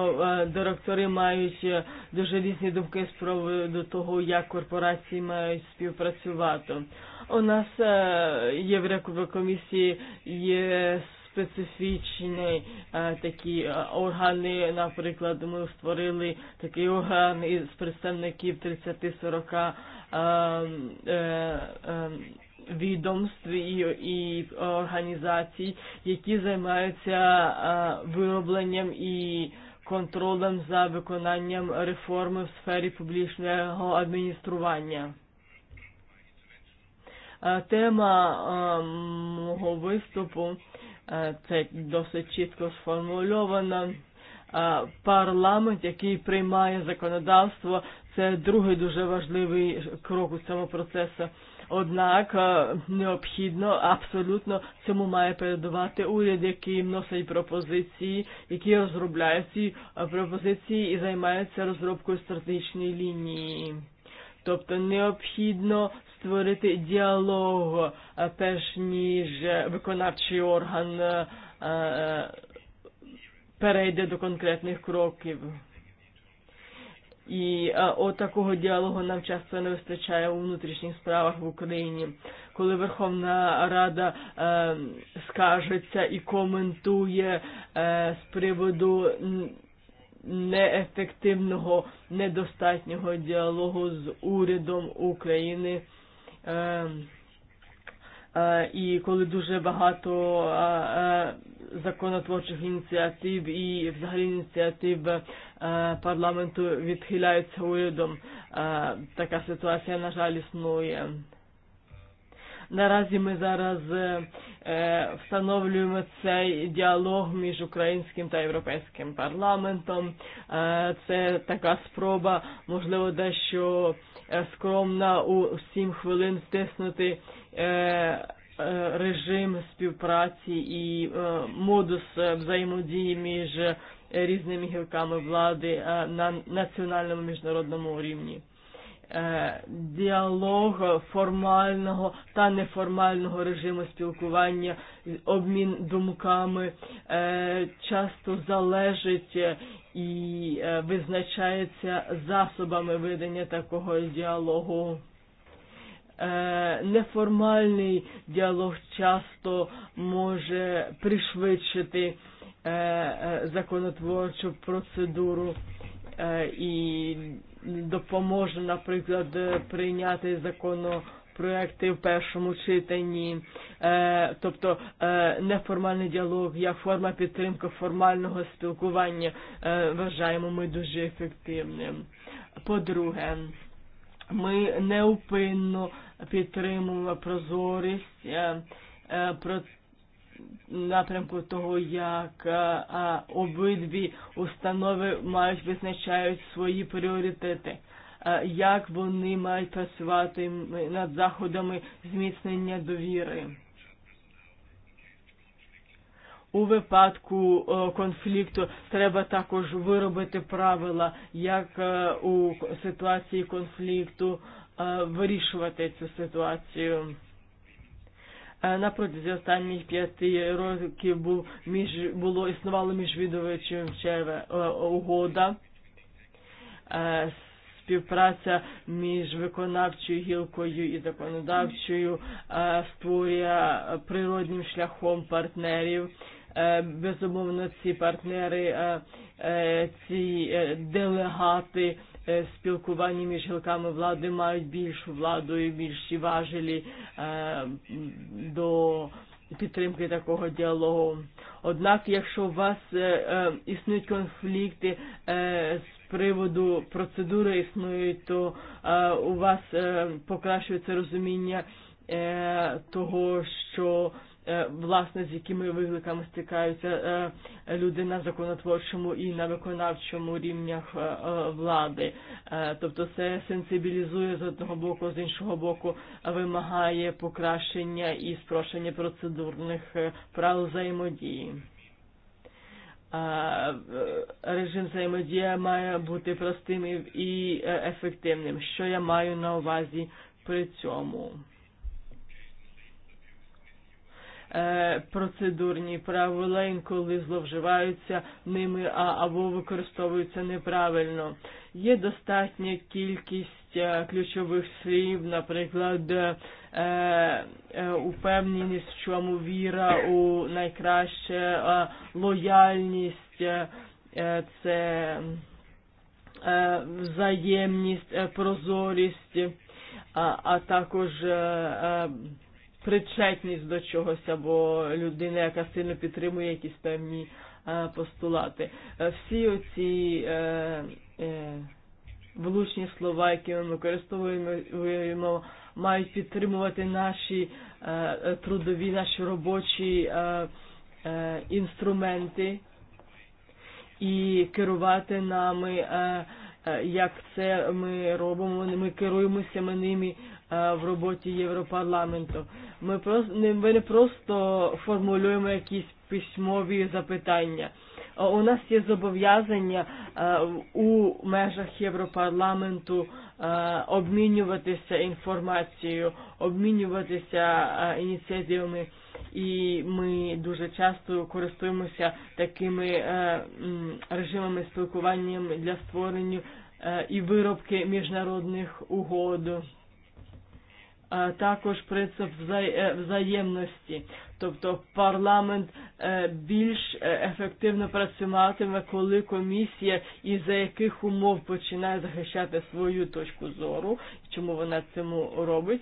директори мають дуже різні думки з приводу того, як корпорації мають співпрацювати. У нас є в рековій комісії є специфічні такі органи, наприклад, ми створили такий орган із представників 30-40 відомств і, організацій, які займаються виробленням і контролем за виконанням реформи в сфері публічного адміністрування. Тема мого виступу це досить чітко сформульована. Парламент, який приймає законодавство, це другий дуже важливий крок у цьому процесу. Однак необхідно абсолютно цьому має передувати уряд, який вносить пропозиції, які розробляє ці пропозиції і займається розробкою стратегічної лінії. Тобто необхідно створити діалог, перш ніж виконавчий орган перейде до конкретних кроків. І от такого діалогу нам часто не вистачає у внутрішніх справах в Україні, коли Верховна Рада е, скажеться і коментує е, з приводу неефективного, недостатнього діалогу з урядом України. Е, і коли дуже багато законотворчих ініціатив і взагалі ініціатив парламенту відхиляється урядом. Така ситуація, на жаль, існує. Наразі ми зараз встановлюємо цей діалог між українським та європейським парламентом. Це така спроба, можливо, дещо скромна у сім хвилин стиснути режим співпраці і модус взаємодії між різними гілками влади на національному міжнародному рівні. Діалог формального та неформального режиму спілкування, обмін думками часто залежить і визначається засобами ведення такого діалогу неформальний діалог часто може пришвидшити законотворчу процедуру і допоможе, наприклад, прийняти закону проекти в першому читанні, е, тобто е, неформальний діалог як форма підтримки формального спілкування е, вважаємо ми дуже ефективним. По-друге, ми неупинно підтримуємо прозорість, е, е, про напрямку того, як обидві установи мають визначають свої пріоритети, як вони мають працювати над заходами зміцнення довіри. У випадку конфлікту треба також виробити правила, як у ситуації конфлікту вирішувати цю ситуацію на протязі останніх п'яти років був між було існувало між угода співпраця між виконавчою гілкою і законодавчою створює природнім шляхом партнерів. Безумовно, ці партнери, ці делегати спілкуванні між гілками влади мають більшу владу і більші важелі до підтримки такого діалогу. Однак, якщо у вас існують конфлікти з приводу процедури існують, то у вас покращується розуміння того, що власне, з якими викликами стикаються люди на законотворчому і на виконавчому рівнях влади. Тобто це сенсибілізує з одного боку, з іншого боку вимагає покращення і спрощення процедурних правил взаємодії. Режим взаємодія має бути простим і ефективним. Що я маю на увазі при цьому? процедурні правила інколи зловживаються ними або використовуються неправильно. Є достатня кількість ключових слів, наприклад, упевненість, в чому віра у найкраще, лояльність, це взаємність, прозорість, а також причетність до чогось або людина, яка сильно підтримує якісь певні постулати. Всі оці е, е, влучні слова, які ми використовуємо, мають підтримувати наші е, трудові, наші робочі е, е, інструменти і керувати нами. Е, як це ми робимо, ми керуємося ми ними в роботі Європарламенту. Ми просто ми не просто формулюємо якісь письмові запитання. У нас є зобов'язання у межах Європарламенту обмінюватися інформацією, обмінюватися ініціативами. І ми дуже часто користуємося такими режимами спілкування для створення і виробки міжнародних угод також принцип взаємності. Тобто парламент більш ефективно працюватиме, коли комісія і за яких умов починає захищати свою точку зору, чому вона цьому робить,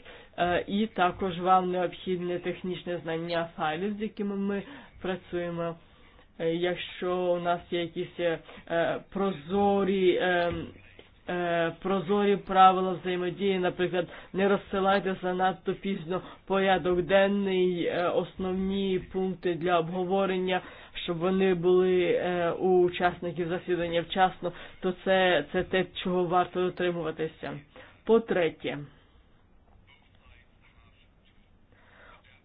і також вам необхідне технічне знання файлів, з якими ми працюємо. Якщо у нас є якісь прозорі прозорі правила взаємодії, наприклад, не розсилайте занадто пізно порядок денний, основні пункти для обговорення, щоб вони були у учасників засідання вчасно, то це, це те, чого варто дотримуватися. По-третє,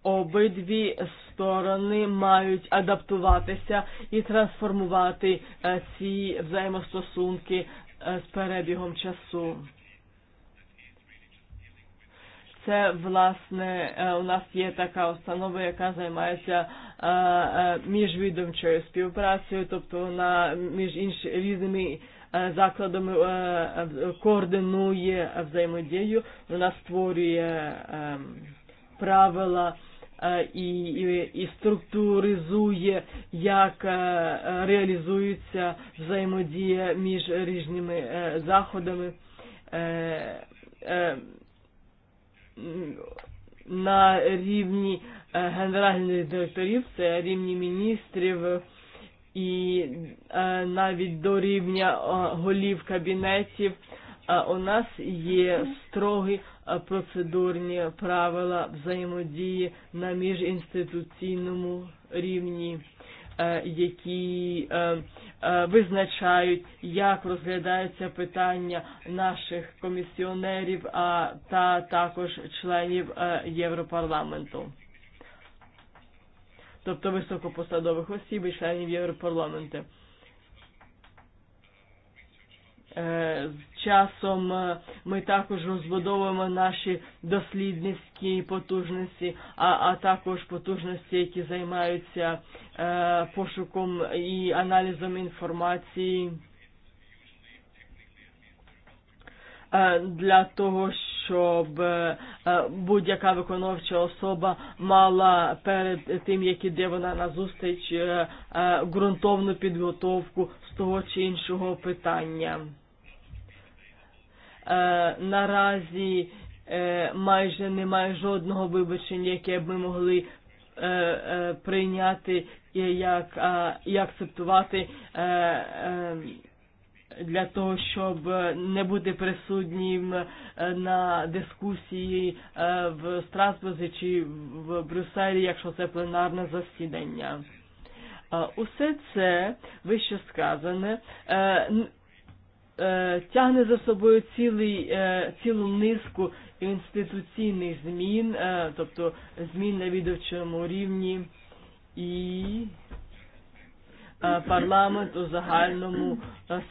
обидві сторони мають адаптуватися і трансформувати ці взаємостосунки спере бігом часу. Це, власне, у нас є така установа, яка займається міжвідомчою співпрацею, тобто вона між інші різними закладами координує взаємодію, вона створює правила і, і, і структуризує, як реалізується взаємодія між різними заходами на рівні генеральних директорів, це рівні міністрів і навіть до рівня голів кабінетів у нас є строгий процедурні правила взаємодії на міжінституційному рівні, э, які э, э, визначають, як розглядаються питання наших комісіонерів та також членів Європарламенту. Тобто високопосадових осіб і членів Європарламенту. Часом ми також розбудовуємо наші дослідницькі потужності, а, а також потужності, які займаються е, пошуком і аналізом інформації е, для того, щоб е, будь-яка виконавча особа мала перед тим, як іде вона на зустріч, е, е, ґрунтовну підготовку з того чи іншого питання наразі майже немає жодного вибачення, яке б ми могли прийняти і як і акцептувати для того, щоб не бути присутнім на дискусії в Страсбурзі чи в Брюсселі, якщо це пленарне засідання. Усе це вище сказане тягне за собою цілий, цілу низку інституційних змін, тобто змін на відовчому рівні і парламент у загальному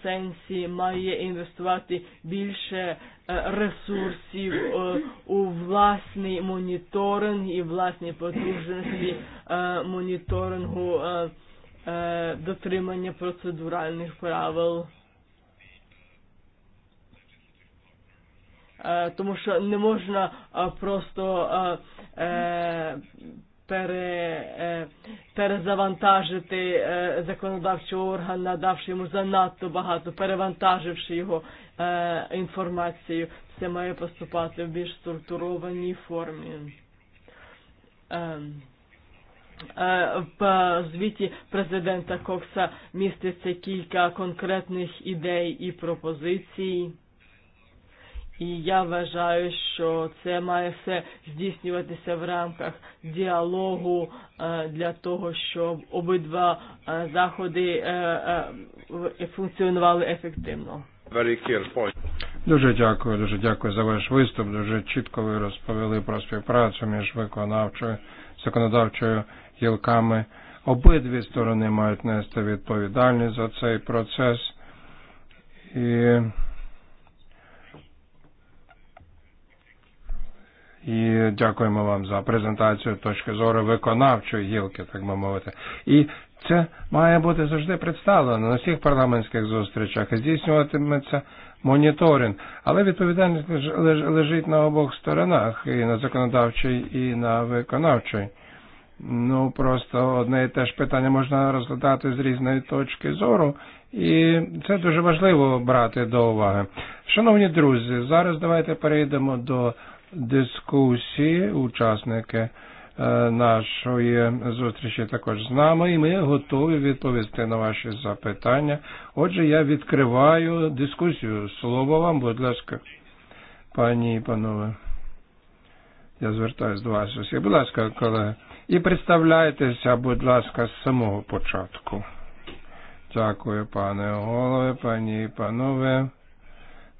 сенсі має інвестувати більше ресурсів у власний моніторинг і власні потужності моніторингу дотримання процедуральних правил. тому що не можна просто перезавантажити законодавчий орган, надавши йому занадто багато, перевантаживши його інформацією. Це має поступати в більш структурованій формі. В звіті президента Кокса міститься кілька конкретних ідей і пропозицій. І я вважаю, що це має все здійснюватися в рамках діалогу для того, щоб обидва заходи функціонували ефективно. Дуже дякую, дуже дякую за ваш виступ. Дуже чітко ви розповіли про співпрацю між виконавчою законодавчою гілками. Обидві сторони мають нести відповідальність за цей процес. І І дякуємо вам за презентацію точки зору виконавчої гілки, так би мовити. І це має бути завжди представлено на всіх парламентських зустрічах і здійснюватиметься моніторинг. Але відповідальність лежить на обох сторонах, і на законодавчій, і на виконавчій. Ну, просто одне і те ж питання можна розглядати з різної точки зору, і це дуже важливо брати до уваги. Шановні друзі, зараз давайте перейдемо до дискусії, учасники нашої зустрічі також з нами, і ми готові відповісти на ваші запитання. Отже, я відкриваю дискусію. Слово вам, будь ласка, пані і панове. Я звертаюся до вас усіх. Будь ласка, колеги. І представляйтеся, будь ласка, з самого початку. Дякую, пане голове, пані і панове.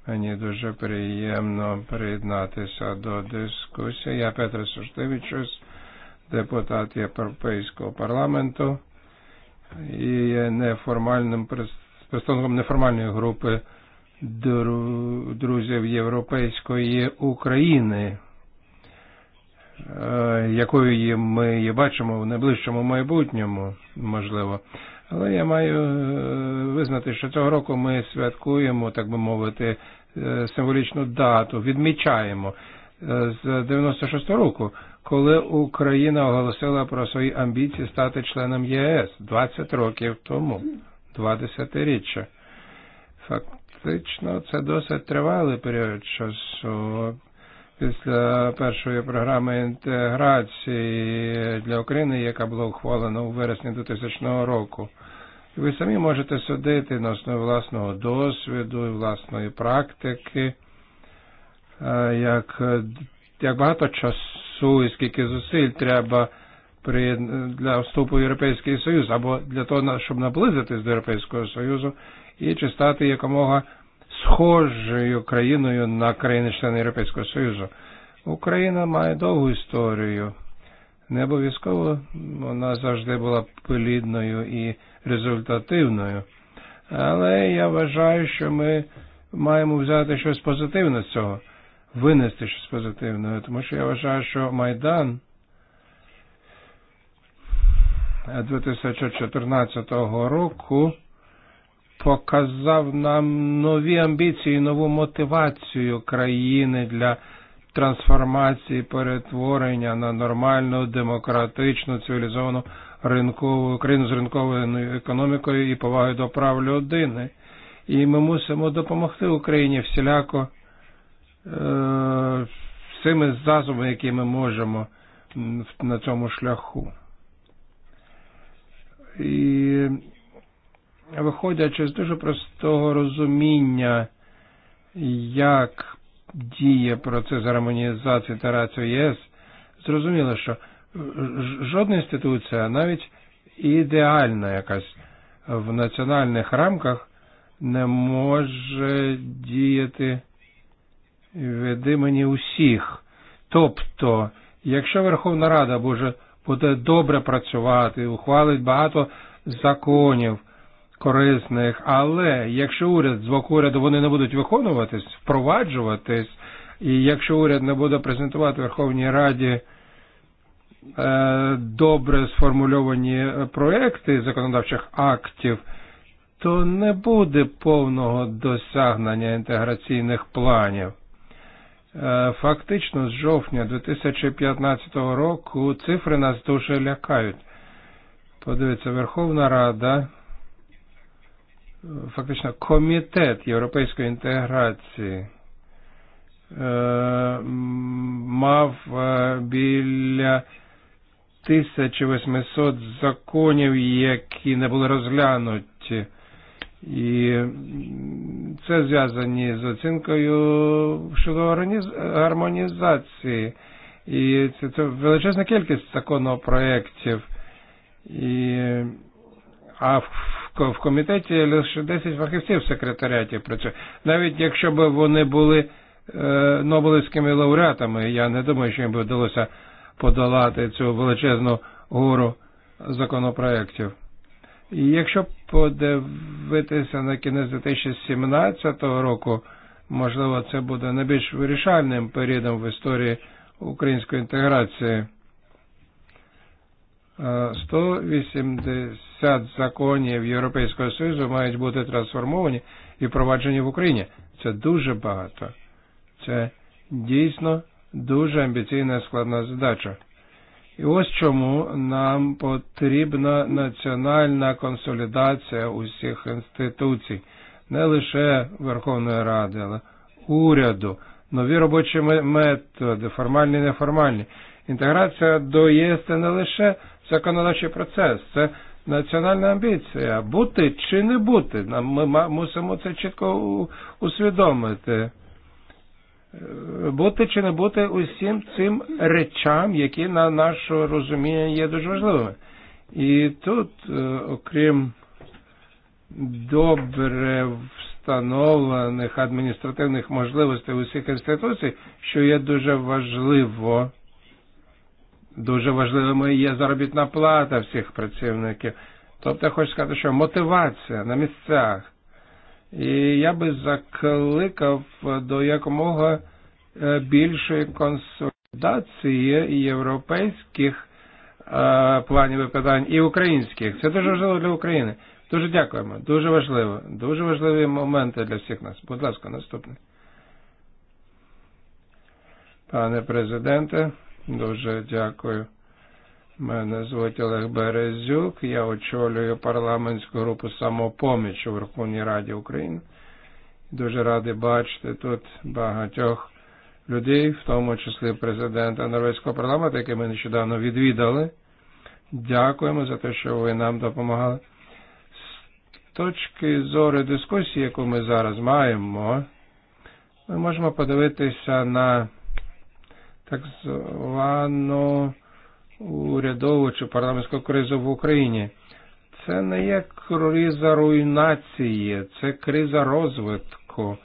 Мені дуже приємно приєднатися до дискусії. Я Петро Суштевичус, депутат Європейського парламенту і є неформальним представником неформальної групи друзів Європейської України, якою ми її бачимо в найближчому майбутньому, можливо. Але я маю визнати, що цього року ми святкуємо, так би мовити, символічну дату, відмічаємо з 96-го року, коли Україна оголосила про свої амбіції стати членом ЄС 20 років тому, 20-річчя. Фактично, це досить тривалий період часу після першої програми інтеграції для України, яка була ухвалена у вересні 2000 року. І ви самі можете судити на основі власного досвіду і власної практики, як, як багато часу і скільки зусиль треба при, для вступу в Європейський Союз або для того, щоб наблизитись до Європейського Союзу і чи стати якомога схожою країною на країни-члени Європейського Союзу. Україна має довгу історію. Не обов'язково вона завжди була плідною і результативною. Але я вважаю, що ми маємо взяти щось позитивне з цього, винести щось позитивне, тому що я вважаю, що Майдан 2014 року показав нам нові амбіції, нову мотивацію країни для трансформації, перетворення на нормальну, демократичну, цивілізовану Ринку, країну з ринковою економікою і повагою до прав людини. І ми мусимо допомогти Україні всіляко всіми засобами, які ми можемо на цьому шляху. І виходячи з дуже простого розуміння, як діє процес гармонізації та рацію ЄС, зрозуміло, що жодна інституція, навіть ідеальна якась в національних рамках, не може діяти від імені усіх. Тобто, якщо Верховна Рада може буде добре працювати, ухвалить багато законів корисних, але якщо уряд з боку уряду вони не будуть виконуватись, впроваджуватись, і якщо уряд не буде презентувати Верховній Раді добре сформульовані проекти законодавчих актів, то не буде повного досягнення інтеграційних планів. Фактично, з жовтня 2015 року цифри нас дуже лякають. Подивіться, Верховна Рада, фактично комітет європейської інтеграції мав біля 1800 законів, які не були розглянуті. І це зв'язані з оцінкою щодо гармонізації. І це, це величезна кількість законопроєктів. І, а в, в комітеті лише 10 фахівців в секретаріаті працює. Навіть якщо б вони були е, Нобелівськими лауреатами, я не думаю, що їм би вдалося подолати цю величезну гору законопроєктів. І якщо подивитися на кінець 2017 року, можливо, це буде найбільш вирішальним періодом в історії української інтеграції. 180 законів Європейського Союзу мають бути трансформовані і впроваджені в Україні. Це дуже багато. Це дійсно дуже амбіційна складна задача. І ось чому нам потрібна національна консолідація усіх інституцій, не лише Верховної Ради, але уряду, нові робочі методи, формальні і неформальні. Інтеграція до ЄС це не лише законодавчий процес, це національна амбіція. Бути чи не бути, ми мусимо це чітко усвідомити бути чи не бути усім цим речам, які на наше розуміння є дуже важливими. І тут, окрім добре встановлених адміністративних можливостей усіх інституцій, що є дуже важливо, дуже важливими є заробітна плата всіх працівників. Тобто я хочу сказати, що мотивація на місцях, І я би закликав до якомога більшої консолідації європейських планів і питань і українських. Це дуже важливо для України. Дуже дякуємо. Дуже важливо. Дуже важливі моменти для всіх нас. Будь ласка, наступний. Пане президенте, дуже дякую. Мене звуть Олег Березюк, я очолюю парламентську групу самопоміч у Верховній Раді України. Дуже радий бачити тут багатьох людей, в тому числі президента Норвезького парламенту, який ми нещодавно відвідали. Дякуємо за те, що ви нам допомагали. З точки зору дискусії, яку ми зараз маємо, ми можемо подивитися на так звану урядову чи парламентську кризу в Україні. Це не є криза руйнації, це криза розвитку.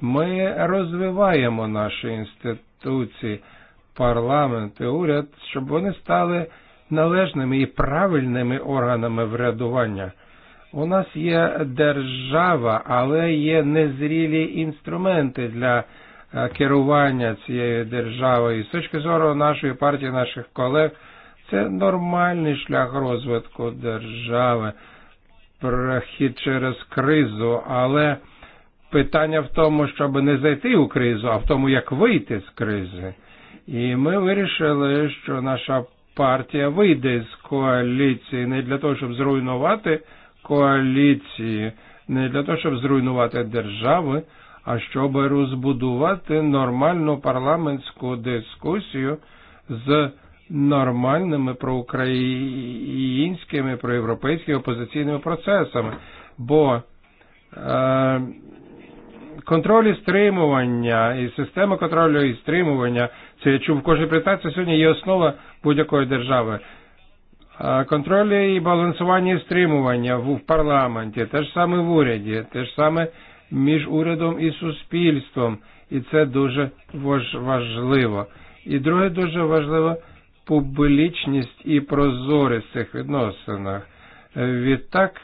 Ми розвиваємо наші інституції, парламент і уряд, щоб вони стали належними і правильними органами врядування. У нас є держава, але є незрілі інструменти для керування цією державою. З точки зору нашої партії, наших колег – Це нормальний шлях розвитку держави, прохід через кризу, але питання в тому, щоб не зайти у кризу, а в тому, як вийти з кризи. І ми вирішили, що наша партія вийде з коаліції не для того, щоб зруйнувати коаліції, не для того, щоб зруйнувати держави, а щоб розбудувати нормальну парламентську дискусію з нормальними проукраїнськими, проєвропейськими опозиційними процесами, бо е, э, контроль і стримування, і система контролю і стримування, це я чув в кожній презентації, сьогодні є основа будь-якої держави. Контроль і балансування і стримування в парламенті, те ж саме в уряді, те ж саме між урядом і суспільством, і це дуже важливо. І друге дуже важливо – публічність і прозорість цих відносинах. Відтак,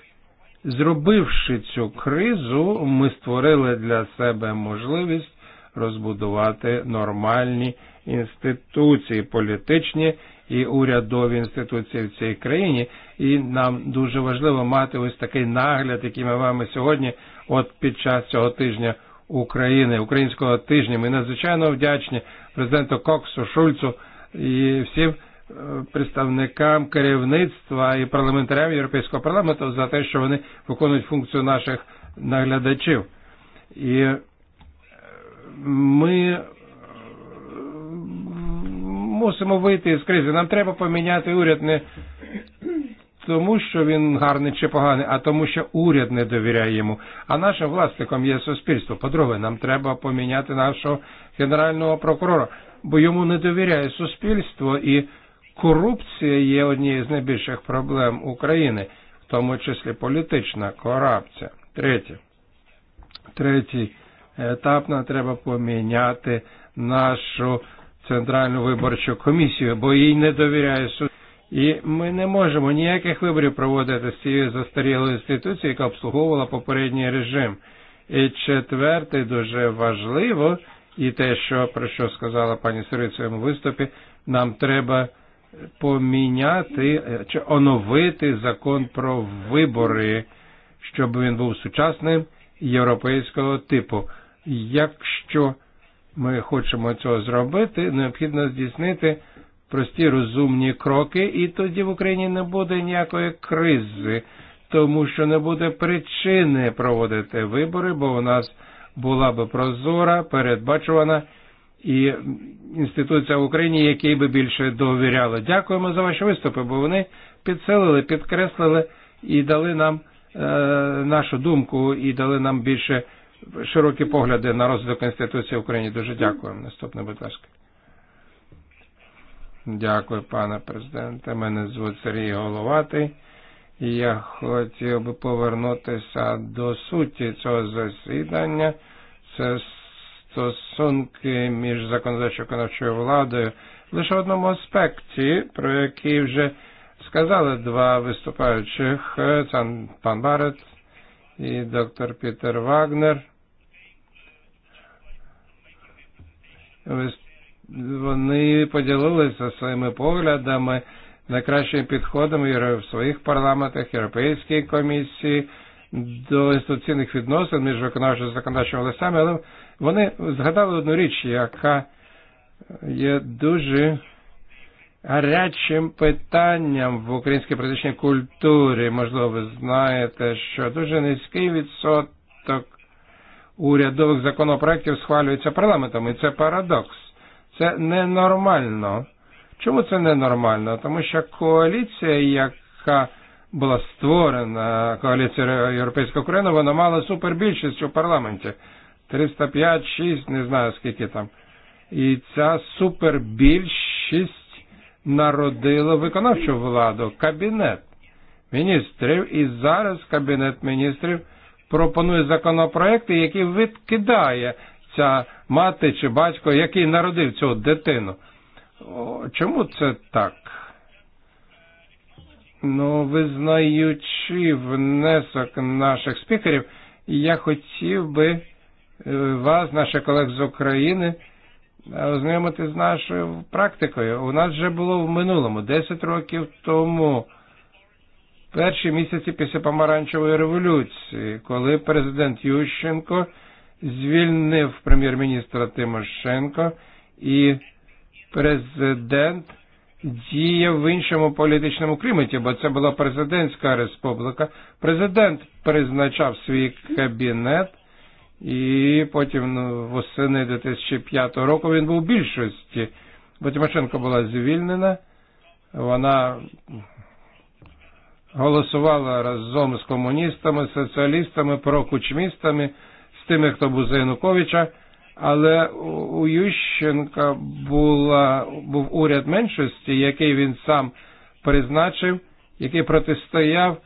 зробивши цю кризу, ми створили для себе можливість розбудувати нормальні інституції політичні і урядові інституції в цій країні. І нам дуже важливо мати ось такий нагляд, який ми маємо сьогодні, от під час цього тижня України, українського тижня. Ми надзвичайно вдячні президенту Коксу Шульцу і всім э, представникам керівництва і парламентарям Європейського парламенту за те, що вони виконують функцію наших наглядачів. І ми мусимо вийти з кризи. Нам треба поміняти уряд не тому, що він гарний чи поганий, а тому, що уряд не довіряє йому. А нашим власником є суспільство. По-друге, нам треба поміняти нашого генерального прокурора бо йому не довіряє суспільство і корупція є однією з найбільших проблем України, в тому числі політична корупція. Третє. Третій етап нам треба поміняти нашу центральну виборчу комісію, бо їй не довіряє суспільство. І ми не можемо ніяких виборів проводити з цією застарілою інституцією, яка обслуговувала попередній режим. І четверте, дуже важливо, І те, що про що сказала пані Сири в своєму виступі, нам треба поміняти э, чи оновити закон про вибори, щоб він був сучасним європейського типу. Якщо ми хочемо цього зробити, необхідно здійснити прості розумні кроки, і тоді в Україні не буде ніякої кризи, тому що не буде причини проводити вибори, бо у нас була би прозора, передбачувана і інституція в Україні, якій би більше довіряли. Дякуємо за ваші виступи, бо вони підсилили, підкреслили і дали нам е, нашу думку і дали нам більше широкі погляди на розвиток інституції України. Дуже дякуємо. Наступне, будь ласка. Дякую, пане президенте. Мене звуть Сергій Головатий. я хотів би повернутися до суті цього засідання стосунки між законодавчою виконавчою владою лише в одному аспекті, про який вже сказали два виступаючих, пан Барет і доктор Пітер Вагнер. Вони поділилися своїми поглядами, найкращими підходами в своїх парламентах, Європейській комісії, до інституційних відносин між виконавчим і законодавчими листами, але вони згадали одну річ, яка є дуже гарячим питанням в українській політичній культурі. Можливо, ви знаєте, що дуже низький відсоток урядових законопроєктів схвалюється парламентом, і це парадокс. Це ненормально. Чому це ненормально? Тому що коаліція, яка була створена коаліція європейська Україна, вона мала супербільшість у парламенті. 305, 6, не знаю скільки там. І ця супербільшість народила виконавчу владу, кабінет міністрів. І зараз кабінет міністрів пропонує законопроекти, які відкидає ця мати чи батько, який народив цю дитину. Чому це так? Ну, визнаючи внесок наших спікерів, я хотів би вас, наших колег з України, ознайомити з нашою практикою. У нас вже було в минулому, 10 років тому, перші місяці після помаранчевої революції, коли президент Ющенко звільнив прем'єр-міністра Тимошенко і президент діє в іншому політичному кліматі, бо це була президентська республіка. Президент призначав свій кабінет, і потім ну, восени 2005 року він був у більшості. Бо Тимошенко була звільнена, вона голосувала разом з комуністами, соціалістами, прокучмістами, з тими, хто був за Януковича – Але у Ющенка була, був уряд меншості, який він сам призначив, який протистояв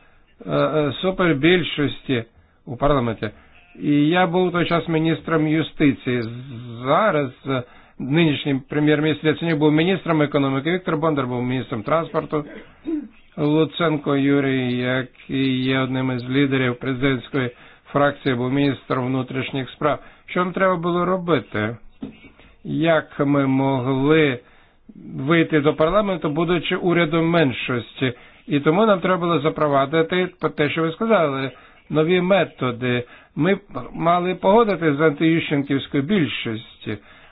супербільшості у парламенті. І я був той час міністром юстиції. Зараз нинішній прем'єр-міністр Яценюк був міністром економіки, Віктор Бондар був міністром транспорту, Луценко Юрій, який є одним із лідерів президентської фракції, був міністром внутрішніх справ. Що нам треба було робити? Як ми могли вийти до парламенту, будучи урядом меншості? І тому нам треба було запровадити те, що ви сказали, нові методи. Ми мали погодити з антиющенківською більшістю.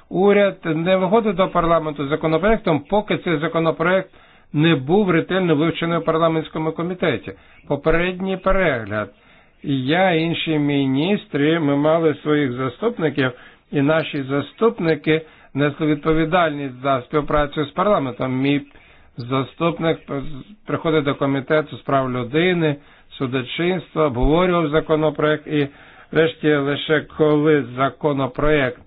Уряд не виходить до парламенту з законопроектом, поки цей законопроект не був ретельно вивчений у парламентському комітеті. Попередній перегляд я і інші міністри, ми мали своїх заступників, і наші заступники несли відповідальність за співпрацю з парламентом. Мій заступник приходить до комітету з прав людини, судочинства, обговорював законопроект і врешті, лише коли законопроект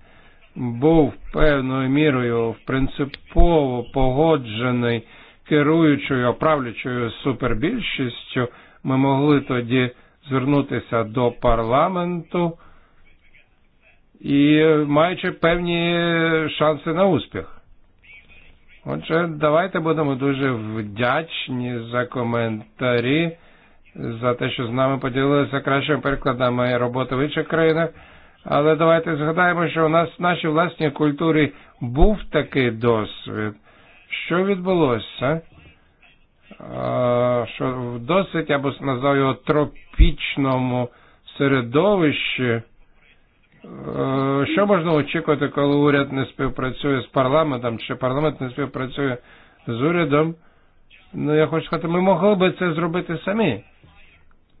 був певною мірою в принципово погоджений керуючою, правлячою супербільшістю, ми могли тоді звернутися до парламенту і маючи певні шанси на успіх. Отже, давайте будемо дуже вдячні за коментарі, за те, що з нами поділилися кращими перекладами роботи в інших країнах. Але давайте згадаємо, що у нас в нашій власній культурі був такий досвід. Що відбулося? що в досить, я б назвав його тропічному середовищі. Що можна очікувати, коли уряд не співпрацює з парламентом, чи парламент не співпрацює з урядом? Ну, я хочу сказати, ми могли би це зробити самі.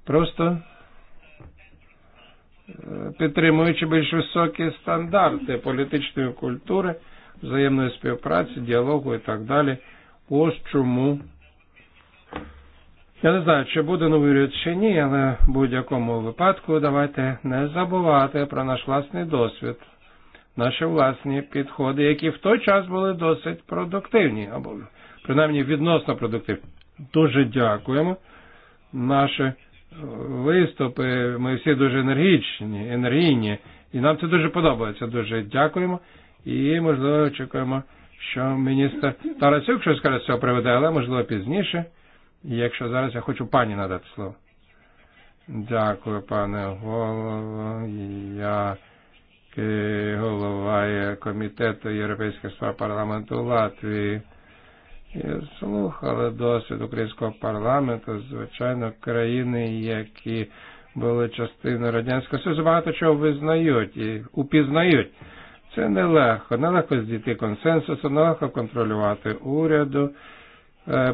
Просто підтримуючи більш високі стандарти політичної культури, взаємної співпраці, діалогу і так далі. Ось чому Я не знаю, чи буде новий рід чи ні, але в будь-якому випадку давайте не забувати про наш власний досвід, наші власні підходи, які в той час були досить продуктивні, або принаймні відносно продуктивні. Дуже дякуємо. Наші виступи, ми всі дуже енергічні, енергійні, і нам це дуже подобається. Дуже дякуємо і, можливо, очікуємо, що міністр Тарасюк щось скаже з цього приведе, але можливо пізніше. Якщо зараз я хочу пані надати слово. Дякую, пане голово. Я голова комітету Європейського справ парламенту Латвії. Я слухали досвід українського парламенту, звичайно, країни, які були частиною Радянського Союзу, багато чого визнають і упізнають. Це нелегко, нелегко здійти консенсусу, нелегко контролювати уряду.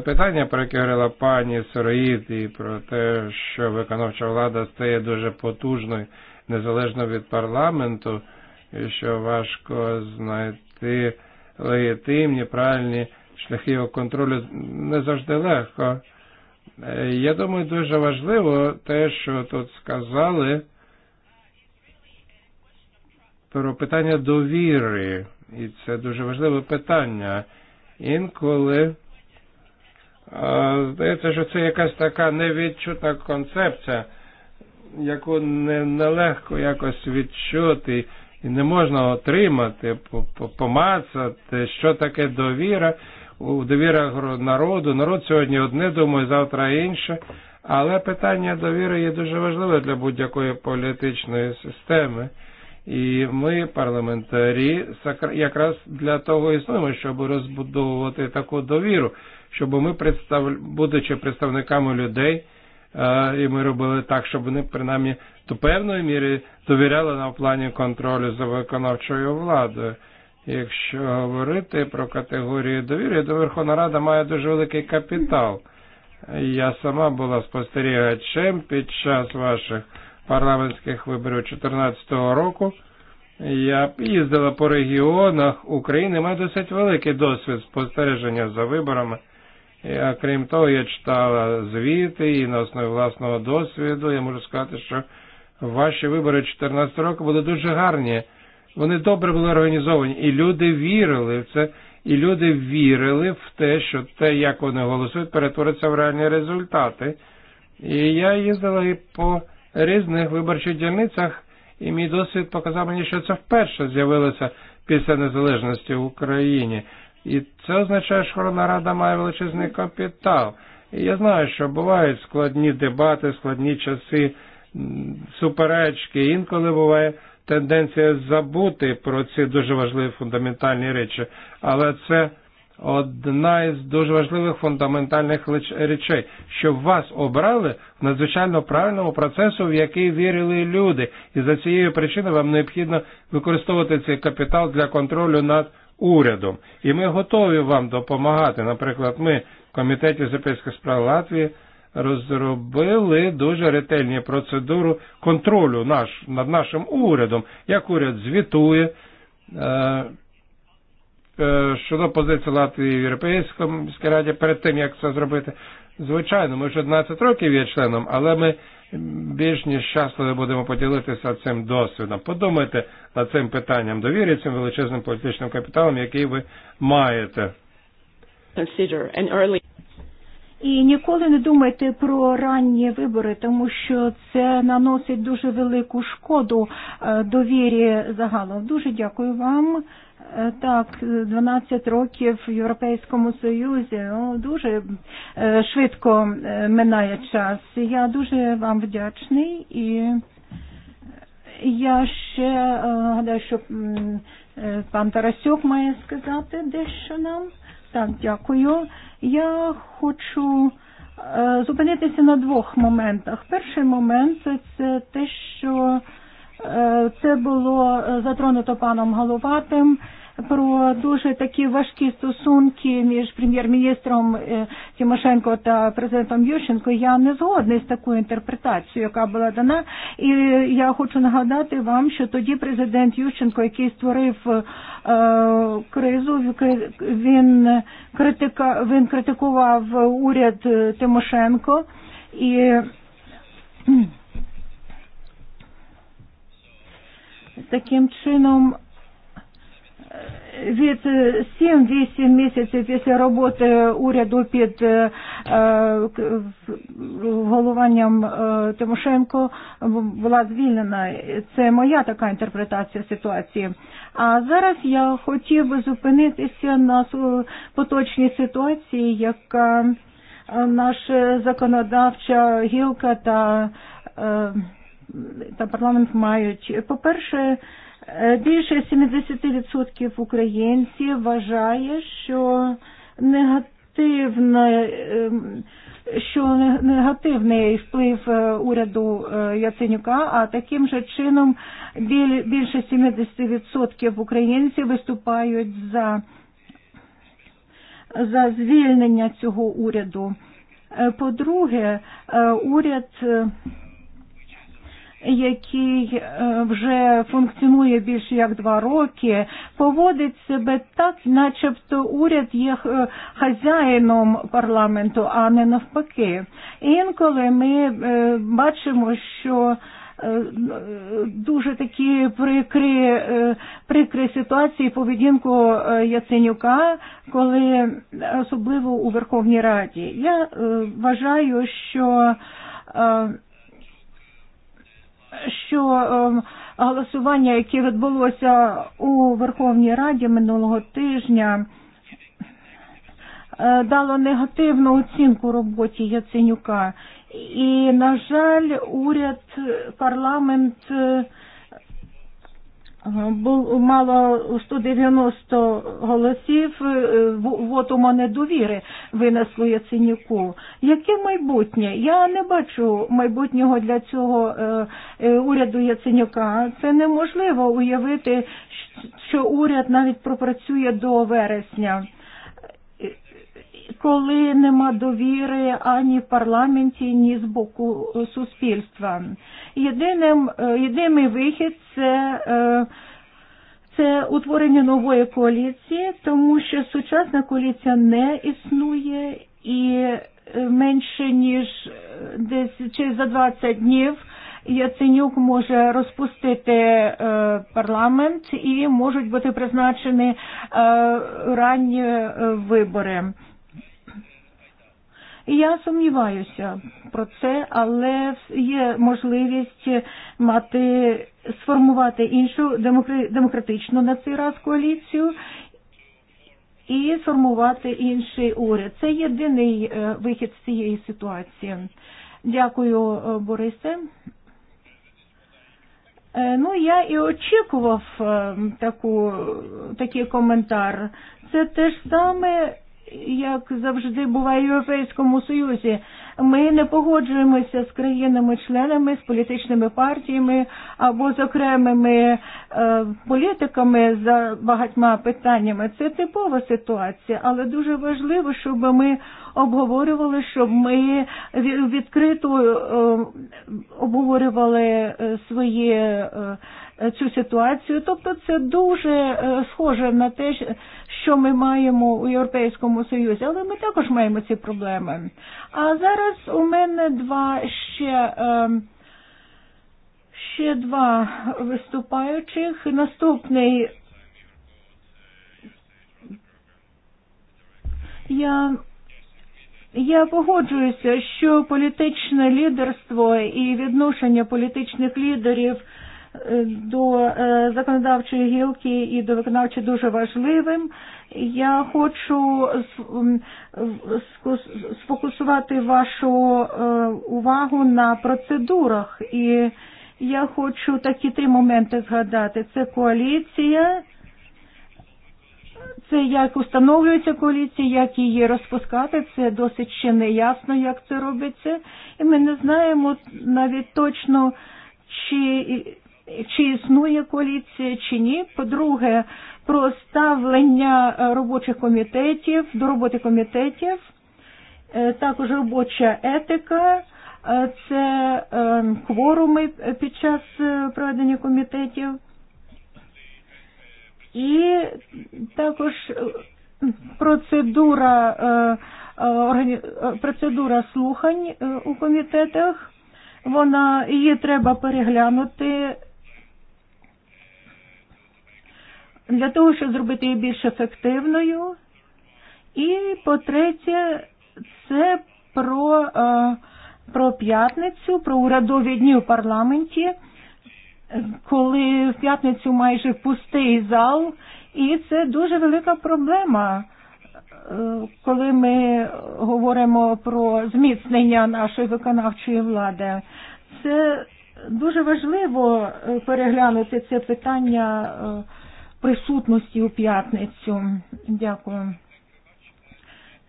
Питання, про яке говорила пані Сироїд, і про те, що виконавча влада стає дуже потужною незалежно від парламенту, і що важко знайти легітимні, правильні шляхи його контролю, не завжди легко. Я думаю, дуже важливо те, що тут сказали про питання довіри, і це дуже важливе питання. Інколи Здається, що це якась така невідчута концепція, яку нелегко якось відчути і не можна отримати, помацати, що таке довіра, довіра народу. Народ сьогодні одне думає, завтра інше. Але питання довіри є дуже важливе для будь-якої політичної системи. І ми, парламентарі, якраз для того існуємо, щоб розбудовувати таку довіру щоб ми, представ... будучи представниками людей, і ми робили так, щоб вони принаймні до певної міри довіряли на плані контролю за виконавчою владою. Якщо говорити про категорії довіри, то Верховна Рада має дуже великий капітал. Я сама була спостерігачем під час ваших парламентських виборів 2014 року. Я їздила по регіонах України, маю досить великий досвід спостереження за виборами – А крім того, я читала звіти і на основі власного досвіду, я можу сказати, що ваші вибори 14 року були дуже гарні. Вони добре були організовані, і люди вірили в це, і люди вірили в те, що те, як вони голосують, перетвориться в реальні результати. І я їздила і по різних виборчих дільницях, і мій досвід показав мені, що це вперше з'явилося після незалежності в Україні. І це означає, що Верховна Рада має величезний капітал. І я знаю, що бувають складні дебати, складні часи, суперечки. Інколи буває тенденція забути про ці дуже важливі фундаментальні речі. Але це одна із дуже важливих фундаментальних речей, що вас обрали в надзвичайно правильному процесу, в який вірили люди. І за цією причиною вам необхідно використовувати цей капітал для контролю над урядом. І ми готові вам допомагати. Наприклад, ми в Комітеті Європейських справ Латвії розробили дуже ретельні процедуру контролю наш, над нашим урядом, як уряд звітує е, е, щодо позиції Латвії в Європейській раді перед тим, як це зробити. Звичайно, ми вже 11 років є членом, але ми більш ніж щасливо будемо поділитися цим досвідом. Подумайте над цим питанням довіри цим величезним політичним капіталом, який ви маєте. І ніколи не думайте про ранні вибори, тому що це наносить дуже велику шкоду довірі загалом. Дуже дякую вам. Так, 12 років в Європейському Союзі ну, дуже швидко минає час. Я дуже вам вдячний і я ще гадаю, що пан Тарасюк має сказати дещо нам. Так, дякую. Я хочу зупинитися на двох моментах. Перший момент це те, що Це було затронуто паном Головатим про дуже такі важкі стосунки між прем'єр-міністром Тимошенко та президентом Ющенко. Я не згодний з такою інтерпретацією, яка була дана. І я хочу нагадати вам, що тоді президент Ющенко, який створив е, кризу, він, критика, він критикував уряд Тимошенко і Таким чином, від 7-8 місяців після роботи уряду під е, головуванням е, Тимошенко була звільнена. Це моя така інтерпретація ситуації. А зараз я хотів би зупинитися на поточній ситуації, яка наша законодавча гілка та е, та парламент мають. По-перше, більше 70% українців вважає, що негативне що негативний вплив уряду Яценюка, а таким же чином більше 70% українців виступають за, за звільнення цього уряду. По-друге, уряд який вже функціонує більше як два роки, поводить себе так, начебто уряд є хазяїном парламенту, а не навпаки. Інколи ми бачимо, що дуже такі прикри прикри ситуації поведінку Яценюка, коли особливо у Верховній Раді. Я вважаю, що що голосування, яке відбулося у Верховній Раді минулого тижня, дало негативну оцінку роботі Яценюка. І, на жаль, уряд, парламент Був мало 190 голосів вот у мене довіри винесло Яценюку. Яке майбутнє? Я не бачу майбутнього для цього уряду Яценюка. Це неможливо уявити, що уряд навіть пропрацює до вересня коли нема довіри ані в парламенті, ні з боку э, суспільства. Єдиним, єдиний э, вихід це э, це утворення нової коаліції, тому що сучасна коаліція не існує і менше ніж десь через за 20 днів Яценюк може розпустити е, парламент і можуть бути призначені е, ранні е, вибори. Я сумніваюся про це, але є можливість мати сформувати іншу демократичну на цей раз коаліцію і сформувати інший уряд. Це єдиний вихід з цієї ситуації. Дякую, Борисе. Ну, я і очікував таку, такий коментар. Це те ж саме, як завжди буває в Європейському Союзі. Ми не погоджуємося з країнами-членами, з політичними партіями або з окремими е, політиками за багатьма питаннями. Це типова ситуація, але дуже важливо, щоб ми обговорювали, щоб ми відкрито е, обговорювали свої. Е, цю ситуацію. Тобто це дуже схоже на те, що ми маємо у Європейському Союзі, але ми також маємо ці проблеми. А зараз у мене два ще. Ще два виступаючих. Наступний я Я погоджуюся, що політичне лідерство і відношення політичних лідерів до законодавчої гілки і до виконавчої дуже важливим. Я хочу сфокусувати вашу увагу на процедурах і я хочу такі три моменти згадати. Це коаліція, це як установлюється коаліція, як її розпускати, це досить ще не ясно, як це робиться. І ми не знаємо навіть точно, чи чи існує коаліція, чи ні. По-друге, про ставлення робочих комітетів до роботи комітетів, також робоча етика, це кворуми під час проведення комітетів. І також процедура, процедура слухань у комітетах, вона, її треба переглянути для того, щоб зробити її більш ефективною. І по-третє, це про, про п'ятницю, про урядові дні в парламенті, коли в п'ятницю майже пустий зал, і це дуже велика проблема коли ми говоримо про зміцнення нашої виконавчої влади. Це дуже важливо переглянути це питання присутності у п'ятницю. Дякую.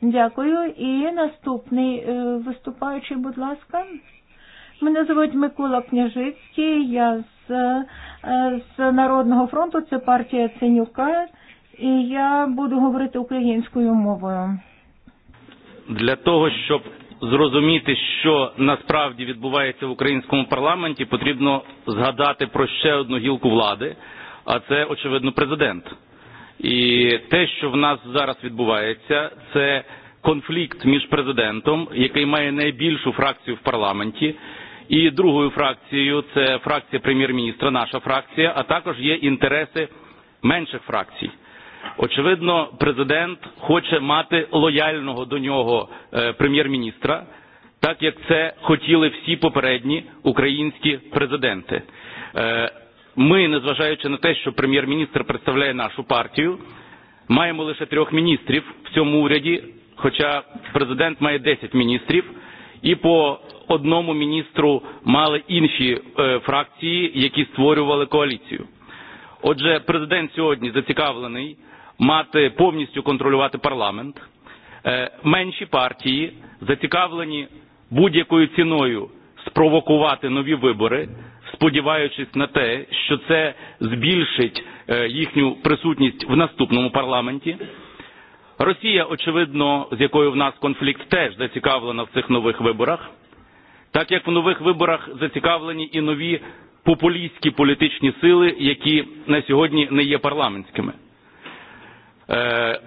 Дякую. І наступний виступаючий, будь ласка. Мене звуть Микола Княжицький, я з, з Народного фронту, це партія Ценюка, і я буду говорити українською мовою. Для того, щоб зрозуміти, що насправді відбувається в українському парламенті, потрібно згадати про ще одну гілку влади, а це, очевидно, президент. І те, що в нас зараз відбувається, це конфлікт між президентом, який має найбільшу фракцію в парламенті, і другою фракцією це фракція прем'єр-міністра, наша фракція, а також є інтереси менших фракцій. Очевидно, президент хоче мати лояльного до нього прем'єр-міністра, так як це хотіли всі попередні українські президенти. Ми, незважаючи на те, що прем'єр-міністр представляє нашу партію, маємо лише трьох міністрів в цьому уряді, хоча президент має 10 міністрів, і по одному міністру мали інші е, фракції, які створювали коаліцію. Отже, президент сьогодні зацікавлений мати повністю контролювати парламент. Е, менші партії зацікавлені будь-якою ціною спровокувати нові вибори, сподіваючись на те, що це збільшить їхню присутність в наступному парламенті. Росія, очевидно, з якою в нас конфлікт, теж зацікавлена в цих нових виборах, так як в нових виборах зацікавлені і нові популістські політичні сили, які на сьогодні не є парламентськими.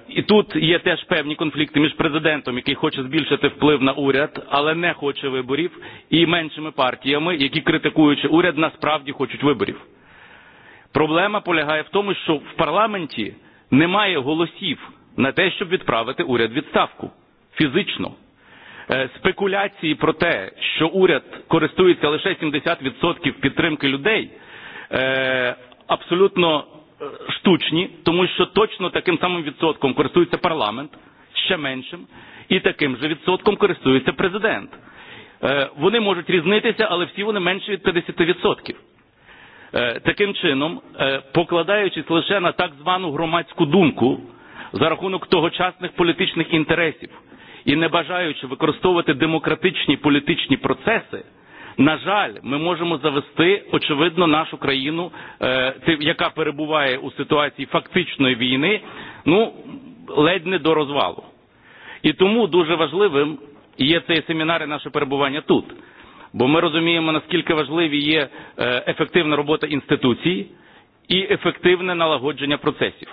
І тут є теж певні конфлікти між президентом, який хоче збільшити вплив на уряд, але не хоче виборів, і меншими партіями, які критикуючи уряд, насправді хочуть виборів. Проблема полягає в тому, що в парламенті немає голосів на те, щоб відправити уряд відставку фізично. Спекуляції про те, що уряд користується лише 70% підтримки людей, абсолютно штучні, тому що точно таким самим відсотком користується парламент, ще меншим, і таким же відсотком користується президент. Вони можуть різнитися, але всі вони менше від 50%. Таким чином, покладаючись лише на так звану громадську думку за рахунок тогочасних політичних інтересів і не бажаючи використовувати демократичні політичні процеси, На жаль, ми можемо завести очевидно нашу країну, яка перебуває у ситуації фактичної війни, ну ледь не до розвалу. І тому дуже важливим є цей семінар і наше перебування тут. Бо ми розуміємо, наскільки важливі є ефективна робота інституцій і ефективне налагодження процесів.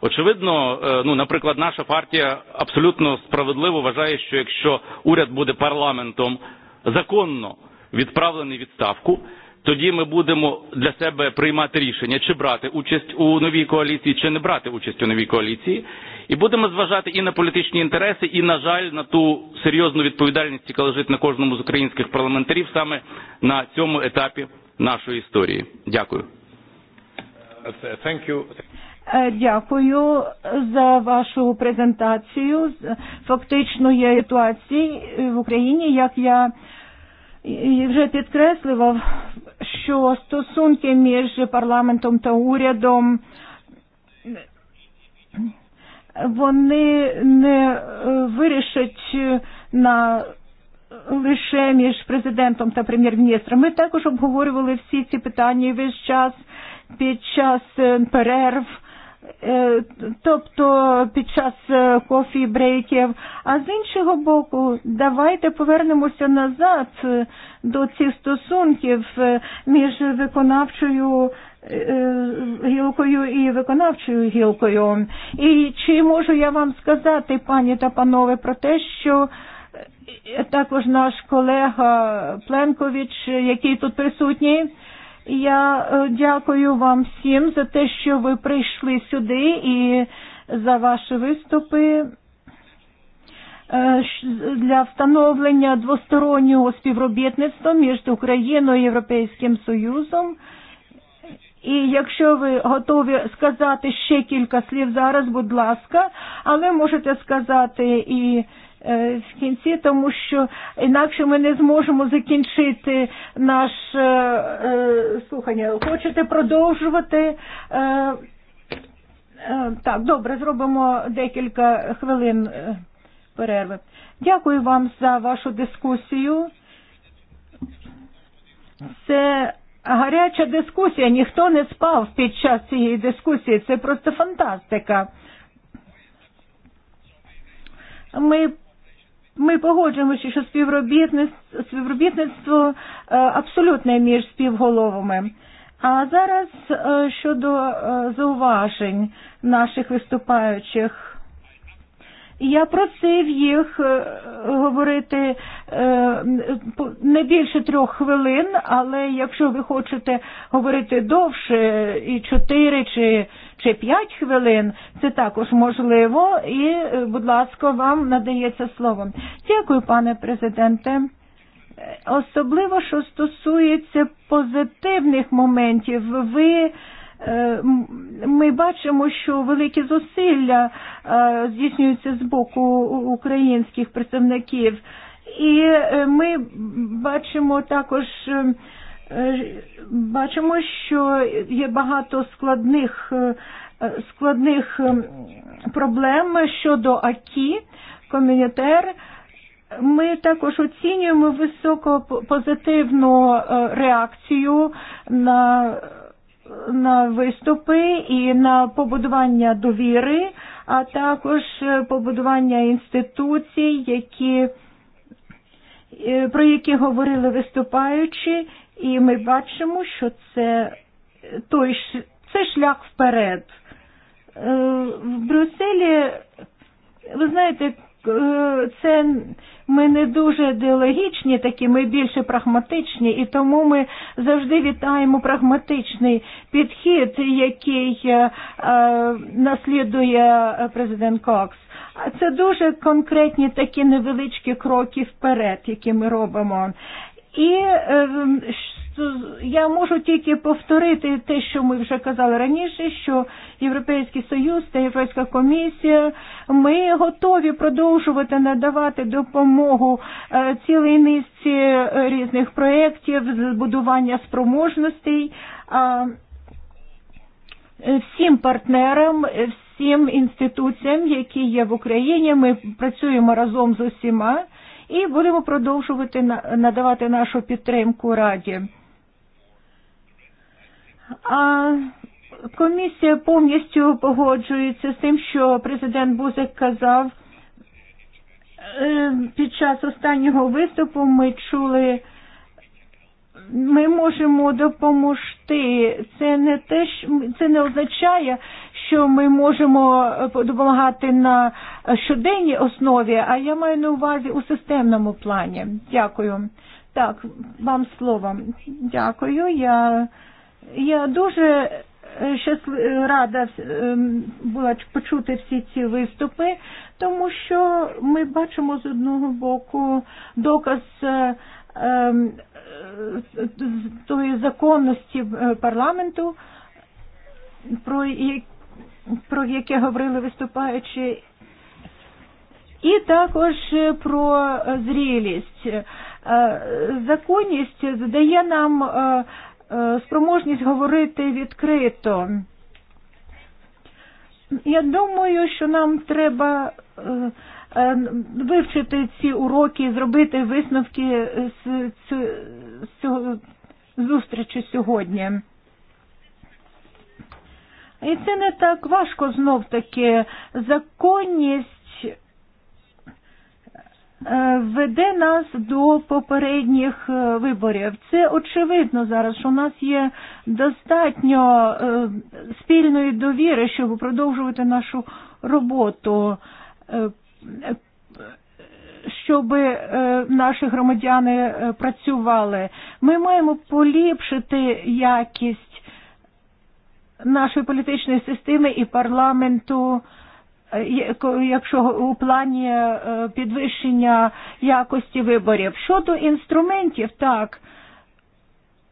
Очевидно, ну, наприклад, наша партія абсолютно справедливо вважає, що якщо уряд буде парламентом законно відправлений відставку, тоді ми будемо для себе приймати рішення, чи брати участь у новій коаліції, чи не брати участь у новій коаліції, і будемо зважати і на політичні інтереси, і, на жаль, на ту серйозну відповідальність, яка лежить на кожному з українських парламентарів саме на цьому етапі нашої історії. Дякую. Дякую за вашу презентацію. Фактично є ситуації в Україні, як я і вже підкреслював, що стосунки між парламентом та урядом вони не вирішать на лише між президентом та прем'єр-міністром. Ми також обговорювали всі ці питання весь час під час перерв тобто під час кофі брейків. А з іншого боку, давайте повернемося назад до цих стосунків між виконавчою гілкою і виконавчою гілкою. І чи можу я вам сказати, пані та панове, про те, що також наш колега Пленкович, який тут присутній, Я э, дякую вам всім за те, що ви прийшли сюди і за ваші виступи для встановлення двостороннього співробітництва між Україною і Європейським Союзом. І якщо ви готові сказати ще кілька слів зараз, будь ласка, але можете сказати і в кінці, тому що інакше ми не зможемо закінчити наше слухання. Хочете продовжувати? Так, добре, зробимо декілька хвилин перерви. Дякую вам за вашу дискусію. Це гаряча дискусія, ніхто не спав під час цієї дискусії, це просто фантастика. Ми Ми погоджуємося, що співробітництво, співробітництво абсолютне між співголовами. А зараз щодо зауважень наших виступаючих. Я просив їх говорити не більше трьох хвилин, але якщо ви хочете говорити довше, і чотири чи чи 5 хвилин, це також можливо. І, будь ласка, вам надається слово. Дякую, пане президенте. Особливо, що стосується позитивних моментів, ви ми бачимо, що великі зусилля здійснюються з боку українських представників. І ми бачимо також бачимо, що є багато складних, складних проблем щодо АКІ, комінітер. Ми також оцінюємо високо позитивну реакцію на, на виступи і на побудування довіри, а також побудування інституцій, які про які говорили виступаючі, І ми бачимо, що це той це шлях вперед. В Брюсселі, ви знаєте, це ми не дуже ідеологічні такі, ми більше прагматичні, і тому ми завжди вітаємо прагматичний підхід, який е, наслідує президент Кокс. Це дуже конкретні такі невеличкі кроки вперед, які ми робимо. І я можу тільки повторити те, що ми вже казали раніше, що Європейський Союз та Європейська комісія, ми готові продовжувати надавати допомогу цілій низці різних проєктів, збудування спроможностей всім партнерам, всім інституціям, які є в Україні. Ми працюємо разом з усіма і будемо продовжувати надавати нашу підтримку Раді. А комісія повністю погоджується з тим, що президент Бузик казав під час останнього виступу. Ми чули, ми можемо допомогти. Це не те, що це не означає, що ми можемо допомагати на щоденній основі, а я маю на увазі у системному плані. Дякую. Так, вам слово. Дякую. Я, я дуже щасли рада була почути всі ці виступи, тому що ми бачимо з одного боку доказ тої законності парламенту, про про яке говорили виступаючи, і також про зрілість. Законність задає нам спроможність говорити відкрито. Я думаю, що нам треба вивчити ці уроки, зробити висновки з цього зустрічі сьогодні. І це не так важко знов таки. Законність веде нас до попередніх виборів. Це очевидно зараз, що у нас є достатньо спільної довіри, щоб продовжувати нашу роботу, щоб наші громадяни працювали. Ми маємо поліпшити якість нашої політичної системи і парламенту якщо у плані підвищення якості виборів. Щодо інструментів, так,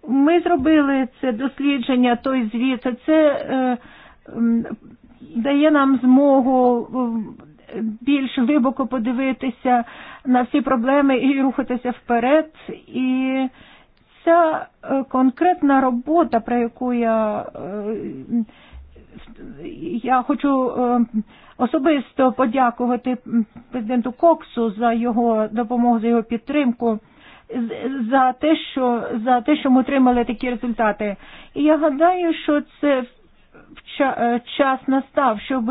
ми зробили це дослідження, той звіт, це дає нам змогу більш глибоко подивитися на всі проблеми і рухатися вперед. І вся конкретна робота, про яку я, хочу особисто подякувати президенту Коксу за його допомогу, за його підтримку за те, що за те, що ми отримали такі результати. І я гадаю, що це час настав, щоб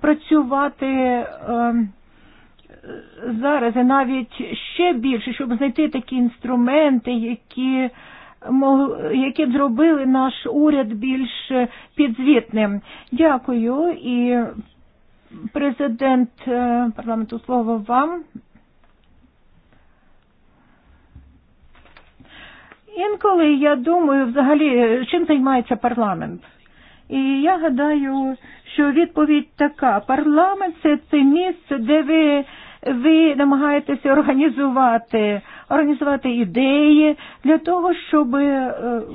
працювати зараз і навіть ще більше, щоб знайти такі інструменти, які які б зробили наш уряд більш підзвітним. Дякую і президент парламенту слово вам. Інколи я думаю взагалі, чим займається парламент. І я гадаю, що відповідь така. Парламент це це місце, де ви ви намагаєтеся організувати, організувати ідеї для того, щоб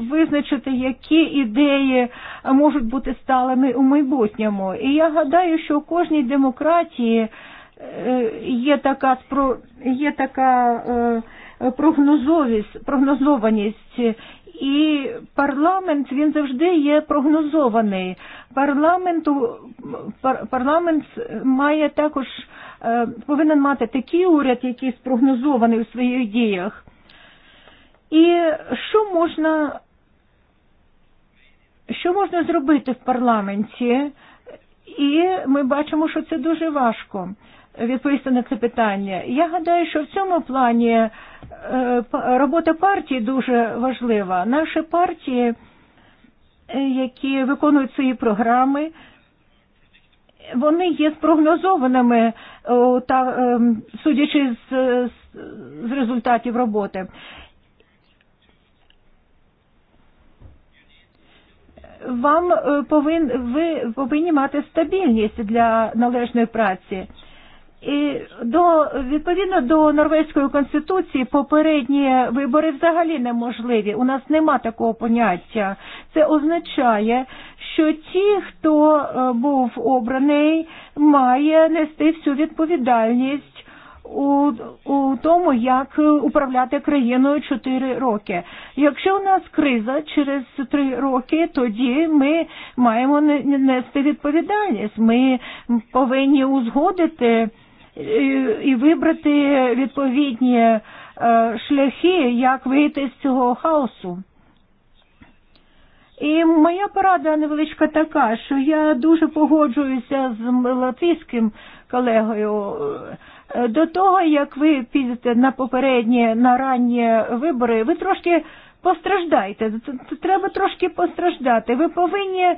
визначити, які ідеї можуть бути сталими у майбутньому. І я гадаю, що у кожній демократії є така, є така прогнозованість. І парламент він завжди є прогнозований. Парламенту пар, парламент має також повинен мати такий уряд, який спрогнозований у своїх діях. І що можна що можна зробити в парламенті? І ми бачимо, що це дуже важко відповісти на це питання. Я гадаю, що в цьому плані робота партії дуже важлива. Наші партії, які виконують свої програми, вони є спрогнозованими, та, судячи з, з результатів роботи. Вам повин, ви повинні мати стабільність для належної праці. І до відповідно до норвезької конституції попередні вибори взагалі неможливі. У нас нема такого поняття. Це означає, що ті, хто був обраний, має нести всю відповідальність у, у тому, як управляти країною 4 роки. Якщо у нас криза через 3 роки, тоді ми маємо нести відповідальність. Ми повинні узгодити і вибрати відповідні шляхи, як вийти з цього хаосу. І моя порада невеличка така, що я дуже погоджуюся з латвійським колегою. До того, як ви підете на попередні, на ранні вибори, ви трошки постраждайте, треба трошки постраждати. Ви повинні е,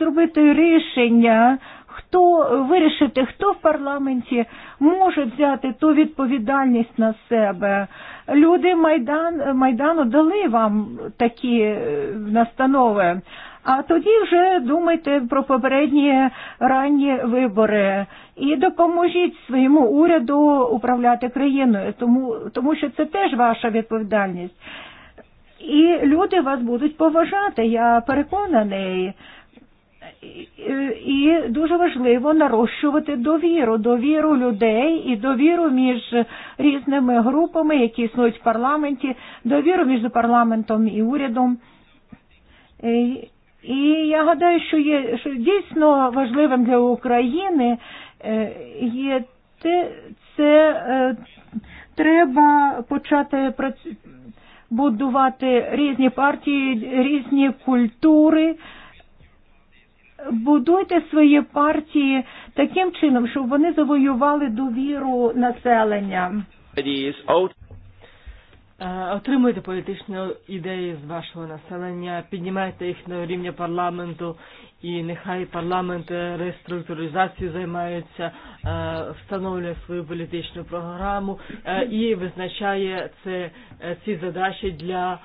зробити рішення, хто вирішити, хто в парламенті може взяти ту відповідальність на себе. Люди Майдан, Майдану дали вам такі настанови. А тоді вже думайте про попередні ранні вибори і допоможіть своєму уряду управляти країною, тому, тому що це теж ваша відповідальність. І люди вас будуть поважати, я переконаний. І дуже важливо нарощувати довіру, довіру людей і довіру між різними групами, які існують в парламенті, довіру між парламентом і урядом. І я гадаю, що є що дійсно важливим для України є те, це треба почати будувати різні партії, різні культури. Будуйте свої партії таким чином, щоб вони завоювали довіру населення. Отримуйте політичні ідеї з вашого населення, піднімайте їх на рівня парламенту і нехай парламент реструктуризацією займається, встановлює свою політичну програму і визначає це, ці задачі для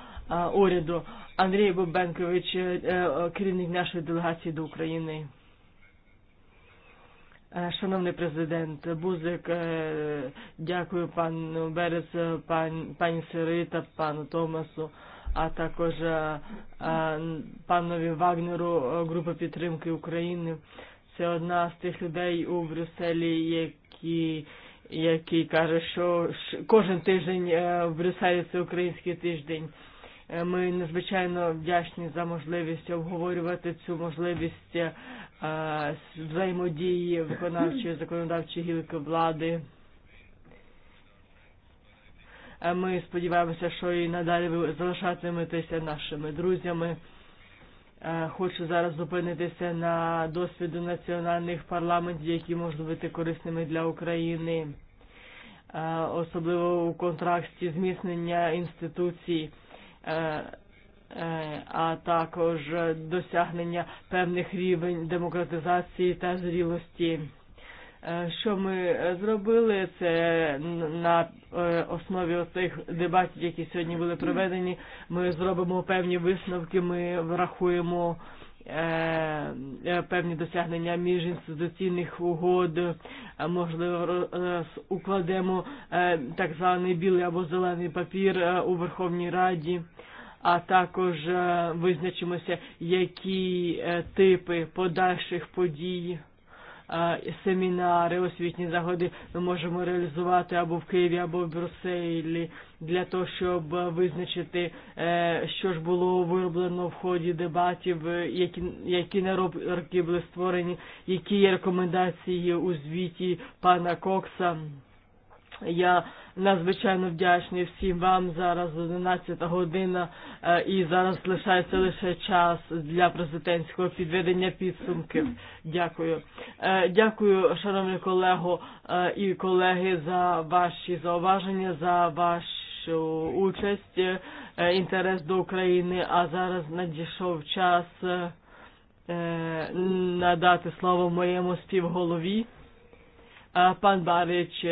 уряду. Андрей Бубенкович, керівник нашої делегації до України. Шановний президент Бузик, дякую пану Берез, пані пані Сирита, пану Томасу, а також панові Вагнеру групи підтримки України. Це одна з тих людей у Брюсселі, які який каже, що кожен тиждень в Брюсселі це український тиждень. Ми надзвичайно вдячні за можливість обговорювати цю можливість взаємодії виконавчої законодавчої гілки влади. Ми сподіваємося, що і надалі ви залишатиметеся нашими друзями. Хочу зараз зупинитися на досвіду національних парламентів, які можуть бути корисними для України, особливо у контракті зміцнення інституцій а також досягнення певних рівень демократизації та зрілості. Що ми зробили, це на основі цих дебатів, які сьогодні були проведені, ми зробимо певні висновки, ми врахуємо певні досягнення міжінституційних угод, можливо, укладемо так званий білий або зелений папір у Верховній Раді, а також визначимося, які типи подальших подій семінари, освітні заходи ми можемо реалізувати або в Києві, або в Брюсселі для того, щоб визначити, що э, ж було вироблено в ході дебатів, які, які наробки були створені, які є рекомендації у звіті пана Кокса. Я надзвичайно вдячні всім вам зараз 11 година і зараз лишається лише час для президентського підведення підсумків. Дякую. Дякую, шановні колего і колеги, за ваші зауваження, за вашу участь, інтерес до України, а зараз надійшов час надати слово моєму співголові. Пан Барич,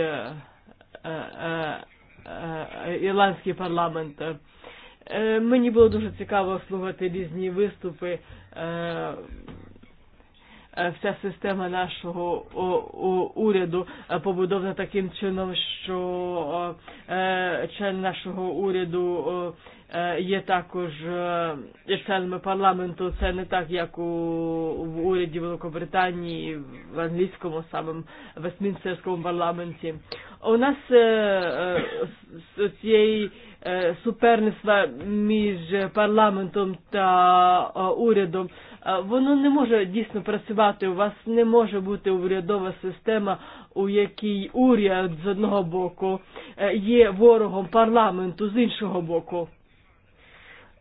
ірландський парламент. Мені було дуже цікаво слухати різні виступи. Вся система нашого уряду побудована таким чином, що член нашого уряду є також є членами парламенту, це не так, як у, в уряді Великобританії, в англійському самому Вестмінстерському парламенті. У нас з цієї суперництва між парламентом та урядом воно не може дійсно працювати. У вас не може бути урядова система, у якій уряд з одного боку є ворогом парламенту з іншого боку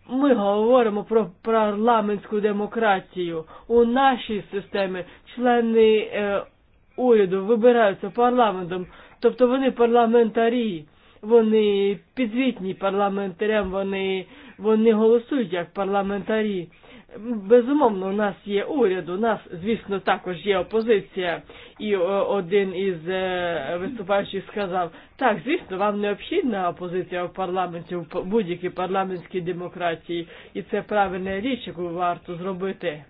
ми говоримо про парламентську демократію. У нашій системі члени е, уряду вибираються парламентом, тобто вони парламентарі, вони підзвітні парламентарям, вони, вони голосують як парламентарі. Безумовно, у нас є уряд, у нас, звісно, також є опозиція. І один із виступаючих сказав, так, звісно, вам необхідна опозиція в парламенті, в будь-якій парламентській демократії, і це правильна річ, яку варто зробити.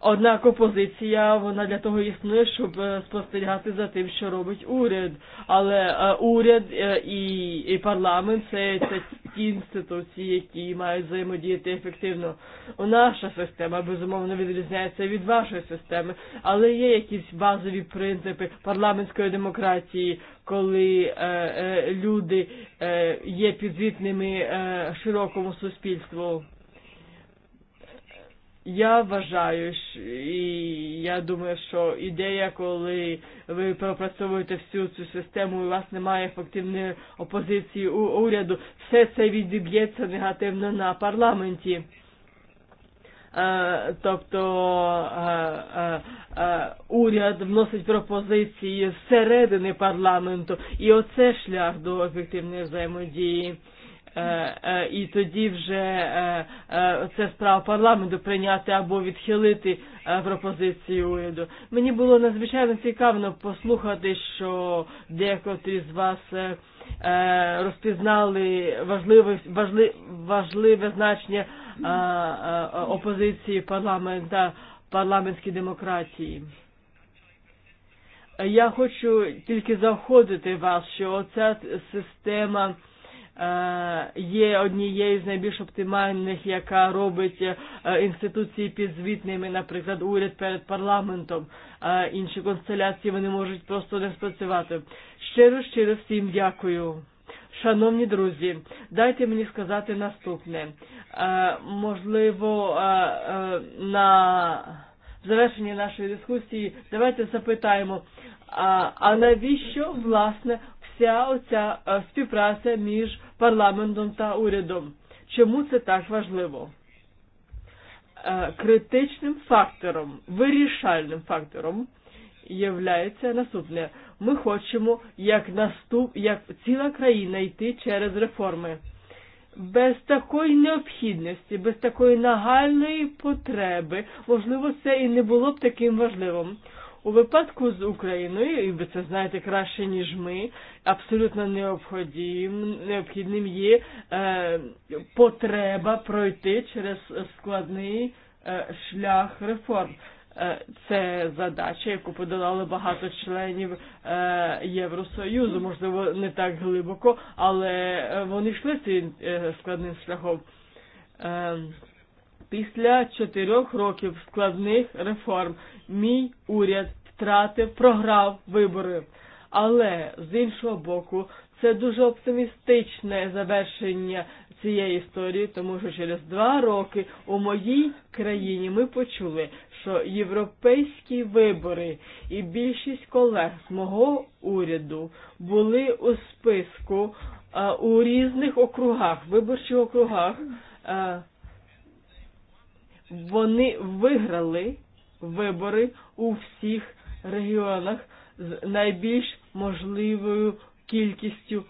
Однак опозиція, вона для того існує, щоб спостерігати за тим, що робить уряд. Але уряд і, парламент це, ті інституції, які мають взаємодіяти ефективно. Наша система безумовно відрізняється від вашої системи, але є якісь базові принципи парламентської демократії, коли люди є підзвітними широкому суспільству. Я вважаю, і я думаю, що ідея, коли ви пропрацьовуєте всю цю систему, і у вас немає ефективної опозиції у уряду, все це відіб'ється негативно на парламенті. Тобто уряд вносить пропозиції зсередини парламенту, і оце шлях до ефективної взаємодії і тоді вже це справа парламенту прийняти або відхилити пропозицію уряду. Мені було надзвичайно цікаво послухати, що декотрі з вас розпізнали важливе, важливе, важливе значення опозиції парламента, парламентській демократії. Я хочу тільки заходити вас, що оця система є однією з найбільш оптимальних, яка робить інституції підзвітними, наприклад, уряд перед парламентом, інші констеляції вони можуть просто не спрацювати. Щиро, щиро всім дякую. Шановні друзі, дайте мені сказати наступне. Можливо, на завершення нашої дискусії давайте запитаємо, а навіщо, власне, ця оця співпраця між парламентом та урядом. Чому це так важливо? Критичним фактором, вирішальним фактором являється наступне. Ми хочемо, як, наступ, як ціла країна йти через реформи. Без такої необхідності, без такої нагальної потреби, можливо, це і не було б таким важливим. У випадку з Україною, і ви це знаєте краще, ніж ми, абсолютно необхідним, необхідним є е, потреба пройти через складний е, шлях реформ. Е, це задача, яку подолали багато членів е, Євросоюзу, можливо, не так глибоко, але вони йшли цим е, складним шляхом. Е, Після чотирьох років складних реформ мій уряд втратив, програв вибори. Але з іншого боку, це дуже оптимістичне завершення цієї історії, тому що через два роки у моїй країні ми почули, що європейські вибори і більшість колег з мого уряду були у списку а, у різних округах, виборчих округах. А, вони виграли вибори у всіх регіонах з найбільш можливою кількістю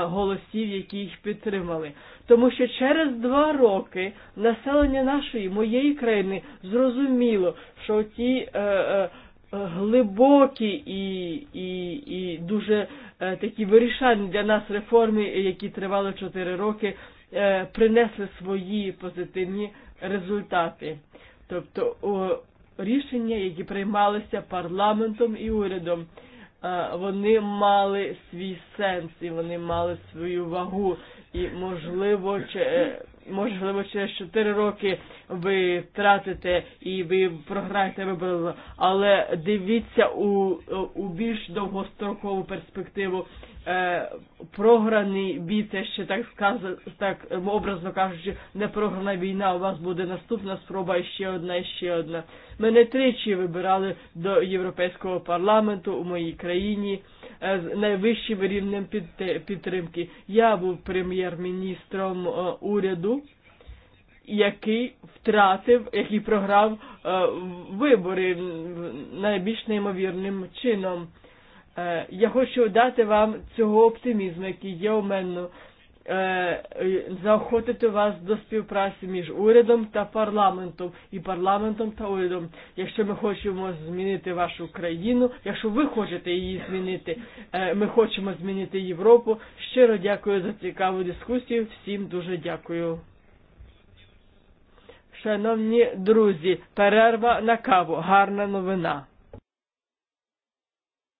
голосів, які їх підтримали. Тому що через два роки населення нашої, моєї країни, зрозуміло, що ті е, е, глибокі і, і, і дуже е, такі вирішальні для нас реформи, які тривали чотири роки, е, принесли свої позитивні результати. Тобто рішення, які приймалися парламентом і урядом, вони мали свій сенс і вони мали свою вагу. І можливо, можливо, через 4 роки ви втратите і ви програєте вибори, але дивіться у, у більш довгострокову перспективу програні бій, це ще так сказано, так образно кажучи, не програна війна, у вас буде наступна спроба і ще одна, і ще одна. Мене тричі вибирали до Європейського парламенту у моїй країні з найвищим рівнем підтримки. Я був прем'єр-міністром уряду, який втратив, який програв вибори найбільш неймовірним чином. Я хочу дати вам цього оптимізму, який є у мене, заохотити вас до співпраці між урядом та парламентом, і парламентом та урядом. Якщо ми хочемо змінити вашу країну, якщо ви хочете її змінити, ми хочемо змінити Європу. Щиро дякую за цікаву дискусію. Всім дуже дякую. Шановні друзі, перерва на каву. Гарна новина.